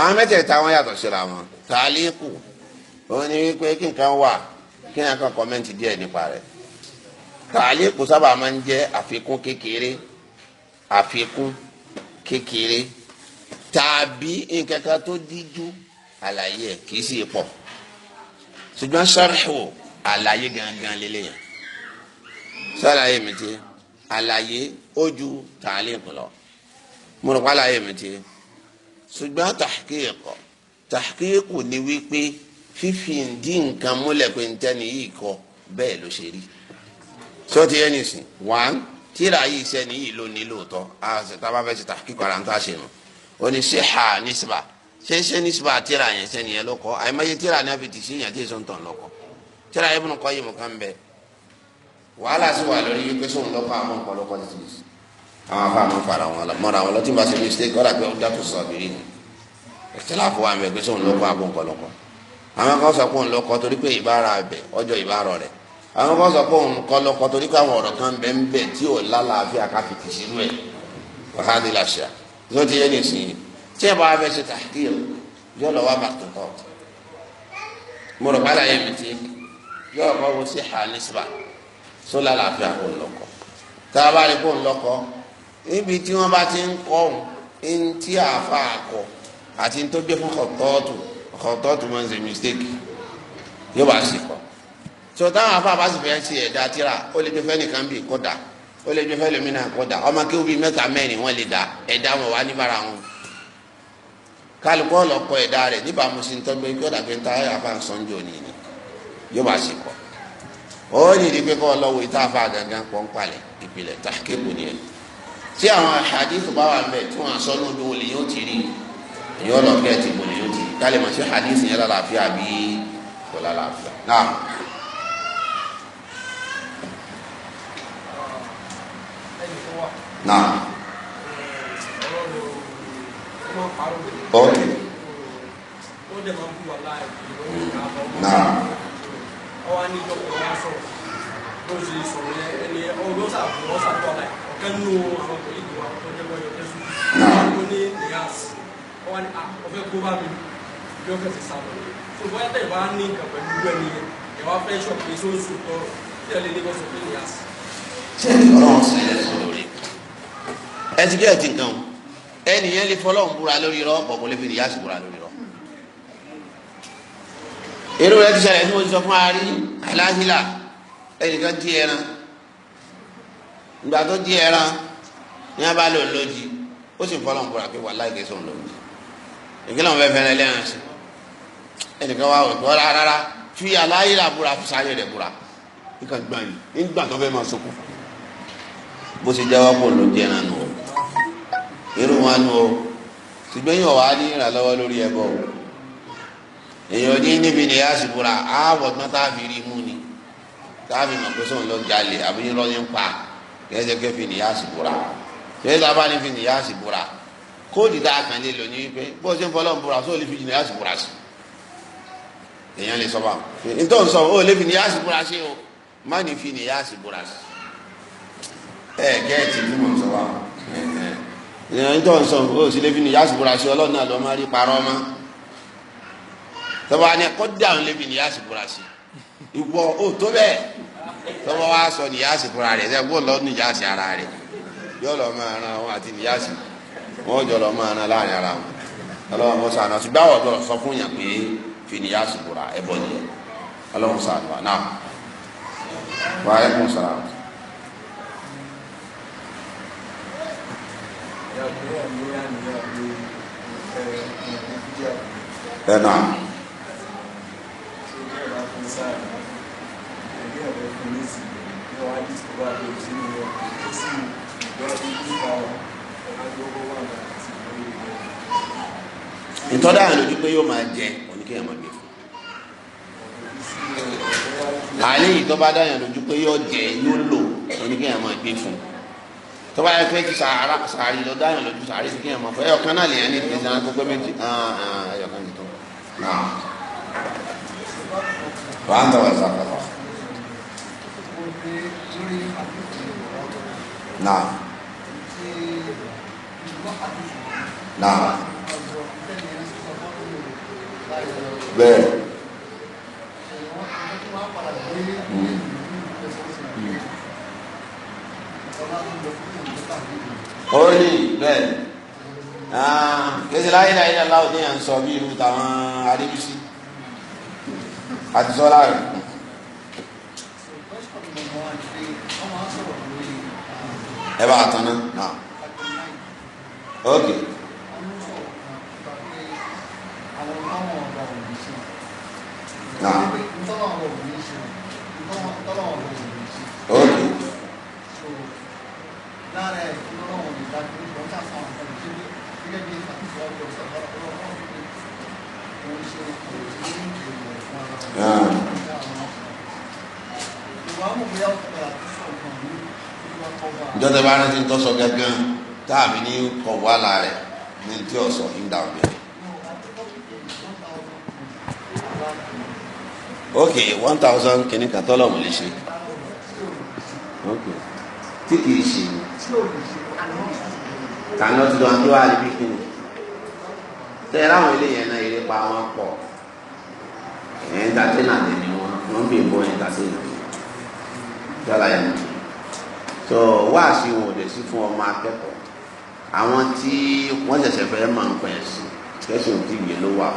àwọn mẹ́tẹ̀ẹ̀ta wọn yàtọ̀ síra wọn tàlíkù òun ni wípé kí nǹkan wà kí nǹkan kan kọ́mẹ́ǹtì díẹ̀ nípa rẹ̀ tàlíkù sábà máa ń jẹ́ àfikún kékeré àfikún kékeré tàbí nǹkan kan tó díjú àlàyé ẹ̀ kì í sì pọ̀ ṣùgbọ́n sọ́rọ̀ àlàyé gangan lélẹ́yìn sọ́láyé mi ti àlàyé ojú tàlíkù lọ mo rò pa àlàyé mi ti ṣùgbọ́n tahqiq tahqiq ni wípé fífi ìdí nǹkan múlẹ̀ pé ntẹ́ni yìí kọ bẹ́ẹ̀ ló ṣe rí tó ti yẹ nìsín one tíra yìí sẹ́ni yìí ló ní lóòótọ́ àtàbà fẹ́ ṣe tahqiq ara ń tà ṣe nù ó ní ṣe ha nísìbà ṣe ṣe nísìbà tíra yẹn sẹ́ni yẹn ló àyèmáyé tíra ní abìtì sí yẹn èso ń tàn lọ́kọ tíra Ibn Qayyim kan bẹ́ẹ̀ wàhálà sì wà lórí yìí pé sóun lọ́kọ àwọn ọ̀pọ̀lọpọ̀ ti ti àwọn afa máa ń fara wọn lọ mọ́ra wọn lọ tí n bá ṣe mistake ọ̀rọ̀ àgbẹ̀ ọ̀dà tó sọ bìrì ni ìtìláfọ̀ wa mẹ́gbẹ́ sóun ló kọ́ abọ́ nkọlọ́kọ́ àwọn kan sọ pé òun ló kọ́ torí pé ìbára bẹ̀ ọjọ́ ìbára rẹ̀ àwọn kan sọ pé òun kọ́ ló kọ́ torí pé àwọn ọ̀rọ̀ kan bẹ́ ń bẹ̀ tí ò lálàáfíà ká fi tìṣírú ẹ̀ wàhálì làṣà tó ti yẹ nìsín tí ẹ bá fẹ́ ṣe tàkìr yọ lọ wá bàtò tọ̀ mo rò pálá yẹ níbi tí wọ́n bá ti ń kọ́ ohun ní tí àáfà àkọ́ àti tó gbé fún kọ̀tọ́ọ̀tù kọ̀tọ́ọ̀tù máa ń ṣe mistake yóò bá sì kọ́ so táwọn àáfà bá sì fẹ́ ṣe ẹ̀dá tíra ó lè gbé fẹ́ nìkan bí kó dà ó lè gbé fẹ́ lómi náà kó dà ọmọ kí obi mẹ́ta mẹ́rin wọ́n lè dà ẹ̀dá wọn wá níbàrà wọn kálukọ́ ọlọ́kọ ẹ̀dá rẹ̀ níbàámu sí ní tọ́gbẹ́ kí ó dàgbé ta àáfà sọ́njọ́ nìyí yóò bá sì kọ́ tí àwọn hadith bá wà bẹ́ẹ̀ tí wọ́n sọ ní ojú wọn lè yóò ti rí yóò lọ bí ẹ ti bò lè yóò ti rí kálí màá ṣe hadith yẹn lálàáfíà bí kò lálàáfíà náà. náà. ok. náà. ọwọ́ á ní ìjọba ìyá sọ̀rọ̀ ló sọ̀rọ̀ yẹn ẹni ọ̀rọ̀ ló ṣàbùrọ̀ ṣàbùrọ̀ láì ẹnu àwọn ọmọ ìlú wa ọjọ ẹgbẹ ọyọ kẹsì ó ní nìyàs ọwọ ni ọfẹ ah, kó bá mi yọ kẹsì sábà tó bóyá tẹ ìwà ní nǹkan pẹ̀lú ìlú ẹni yẹn ìwà fẹ sọ pé sọ tọrọ tí ní kọsọ pé nìyàs. ṣé Ọlọ́run sì lè sọ lórí ẹ ti gé ẹ ti nǹkan o ẹni lè fọlọ́run búra lórí rọ bọ̀bọ̀ lè fi nìyàs búra lórí rọ èrò rẹ ti ṣẹlẹ̀ tí mo ti sọ fún ari aláhìlá ẹnìkan di ẹran ìgbà tó jí ẹran ní wọn bá lò ń lójì ó sì fọlọ́n bọ̀rọ̀ pé wàhálà ìgbé sóun lòun jì ìgbélé wọn fẹ́ fẹ́ràn ẹlẹ́ran sí ẹnìkan wà wọ̀ rárá rárá fi aláyé rà búra sáyé rẹ̀ búra nǹkan gbà yìí nígbà tó fẹ́ máa sọkò bó ṣe jáwọ́ pọ̀ ló jẹ́ ẹran nù o irú wọn nù o ṣùgbọ́n yìí wàá ní ìrànlọ́wọ́ lórí ẹ̀bọ o èèyàn ní níbi ni yá sì búra tán tá a fi rí mú ni tá a fi mọ̀ pé sóun lọ jalè àbí yín yín pa á kẹsẹ kẹ fi nìyá sì búra kẹsẹ tá a bá ní fi nìyá sì búra kóòdì tá a kàn lè lò ní bó o ṣe ń fọlọ́ ń búra sóò lè fi nìyá sì búra sí èèyàn lè sọ bá nítorí sọ o lè fi nìyá sì búra sí o má ní fi nìyá sì búra sí ẹ gẹ́ẹ̀tì ní mò ń sọ bá èèyàn nítorí sọ o sì lè fi nìyá sì búra sí ọlọ́run náà lọ́ọ́ má rí parọ́ mọ́ tọ́ba ni kọ́dà ń lè fi nìyá sì búra sí ìwọ o tó bẹ́ẹ̀. tọ́wọ́ wa sọ nìyáàsì fúnra rẹ̀ ṣe kó lọ nìyáàsì ara rẹ̀ yóò lọ máa ran àwọn àti nìyáàsì wọn jọ lọ máa ran láàrin ara wọn ọlọ́wọ́n mọ sànà ṣùgbọ́n àwọn ọ̀dọ́ sọ fún yàn pé fi nìyáàsì fúnra ẹ bọ̀ nìyẹn ọlọ́wọ́n sànà náà wàá ẹ kún sànà. ẹ náà. ẹ̀rẹ́ fún mi sí ní wàá di tó bá lọ sí ní wọn kò sí ìgbọ́dọ̀ nípa ọ̀gájọ́gbọ́ wà láti lórí rẹ̀. ìtọ́dá àlòjú pé yóò máa jẹ oníkéèyàn máa gbé fún àlẹ́ yìí tó bá dáyàn lójú pé yóò jẹ yóò lò oníkéèyàn máa gbé fún tó bá yẹ pé kí sàárà sàárì lọ dáyàn lójú sàárì sí kéèyàn máa fọ ẹyọkan náà lè ní ìpínlẹ̀ ah, ah, náà gbogbo méjì ẹyọkan nìkan. وأنت وزاك الله Naam. Naam. Bẹ́ẹ̀. Holy hmm. bẹ́ẹ̀. Ah, Kèsì láyé láyé láláwọ̀ ní à ń sọ bí irú tàwọn Adébísí. Àtisọ́lá rẹ̀. ẹ bá tán náà ok. ok. Yeah ìjọba bá rántí tọ́sọ gángan táàbí ní kọ̀wálà rẹ̀ ní tí ọ̀sọ̀ ń dà ọ̀bẹ. ok one thousand kìíní kan tọ́lọ̀ wò lè ṣe ok tí kìí ṣe ni kàná ti dán tó wà níbí kìíní tẹ ẹ láwọn eléyẹn náà eré pa wọn pọ̀ ẹ̀ ń dàtẹ́ nàdẹ́ ni wọn wọn bí ń bọ́ ẹ̀ yàrá yẹn tó wáàsí wọn ò lè sí fún ọmọ akẹ́kọ̀ọ́ àwọn tí wọ́n ṣẹ̀ṣẹ̀ fẹ́ máa ń pẹ̀ sí kẹ́sìn òtí ìgbé ló wà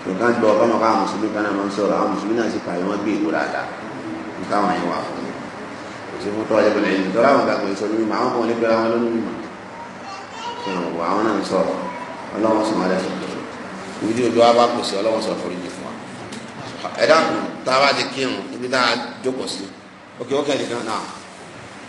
fún nǹkan gbọ́ ọmọ káwọn mùsùlùmí kan náà máa ń sọ̀rọ̀ àwọn mùsùlùmí náà sì pààyè wọ́n gbé ìwò dáadáa nǹkan àwọn yẹn wà fún mi kò sí fún tọ́jú ìbílẹ̀ yìí tọ́lá àwọn gbàgbọ́ ìsọ lórí mọ́ àwọn kan lè gbéra wọn lónìí mọ́ ìrànwọ́ àwọn náà ń sọ̀rọ̀ ọlọ́wọ́n sọ tá a bá ti kírun ibi tá a jókòó sí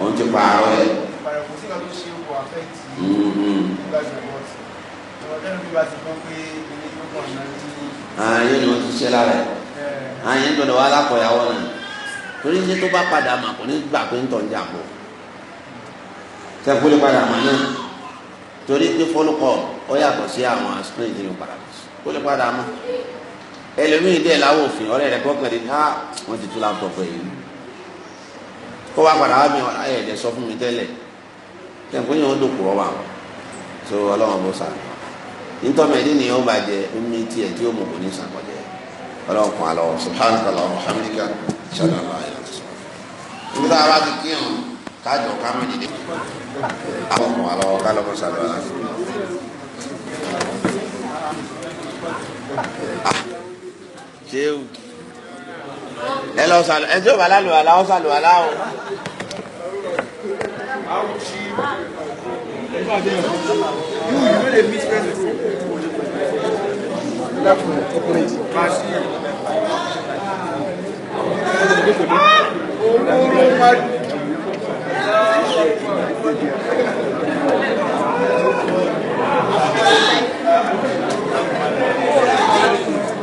òun ti pààrọ̀ ẹ̀. ààyè ni wọ́n ti ṣe lára ẹ̀ ààyè ń dọ̀dọ̀ wá lápọ̀yàwó náà torí ní tó bá padà mà kò ní gbà pé ń tọ̀ ń jà pọ̀ sẹ́kúlẹ̀ padà mà náà torí pé fọlùkọ́ ọ yàtọ̀ sí àwọn asúnà ìdílé padà kó lè padà mọ́ ẹlòmíì dẹ̀ láwọ̀ òfin ọ̀rẹ́ rẹ̀ kọ́kànlélá ah, wọ́n ti tú láptọ̀pù yìí kó wá padà wá mi ayé ẹ̀jẹ̀ sọ fún mi tẹ́lẹ̀ tẹ̀kún yìí wọ́n dòkú ọba wọn so ọlọ́wọ́n bó sàn nítorí ẹni ni yóò bàjẹ́ omi tiẹ̀ tí yóò mú kò ní sàn kọjá ọlọ́wọ́n kún alọ́ subhanakallah alhamdulilah shalala ayélujára nígbà tá a bá ti kírun kájọ ká má dìde àwọn kún alọ́ kálọ́kọ́ sàlọ́ ṣé o ẹ lọ sàlù ẹ tí ò bá lálù àlá ọ sàlù àlá o.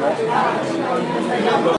Thank you.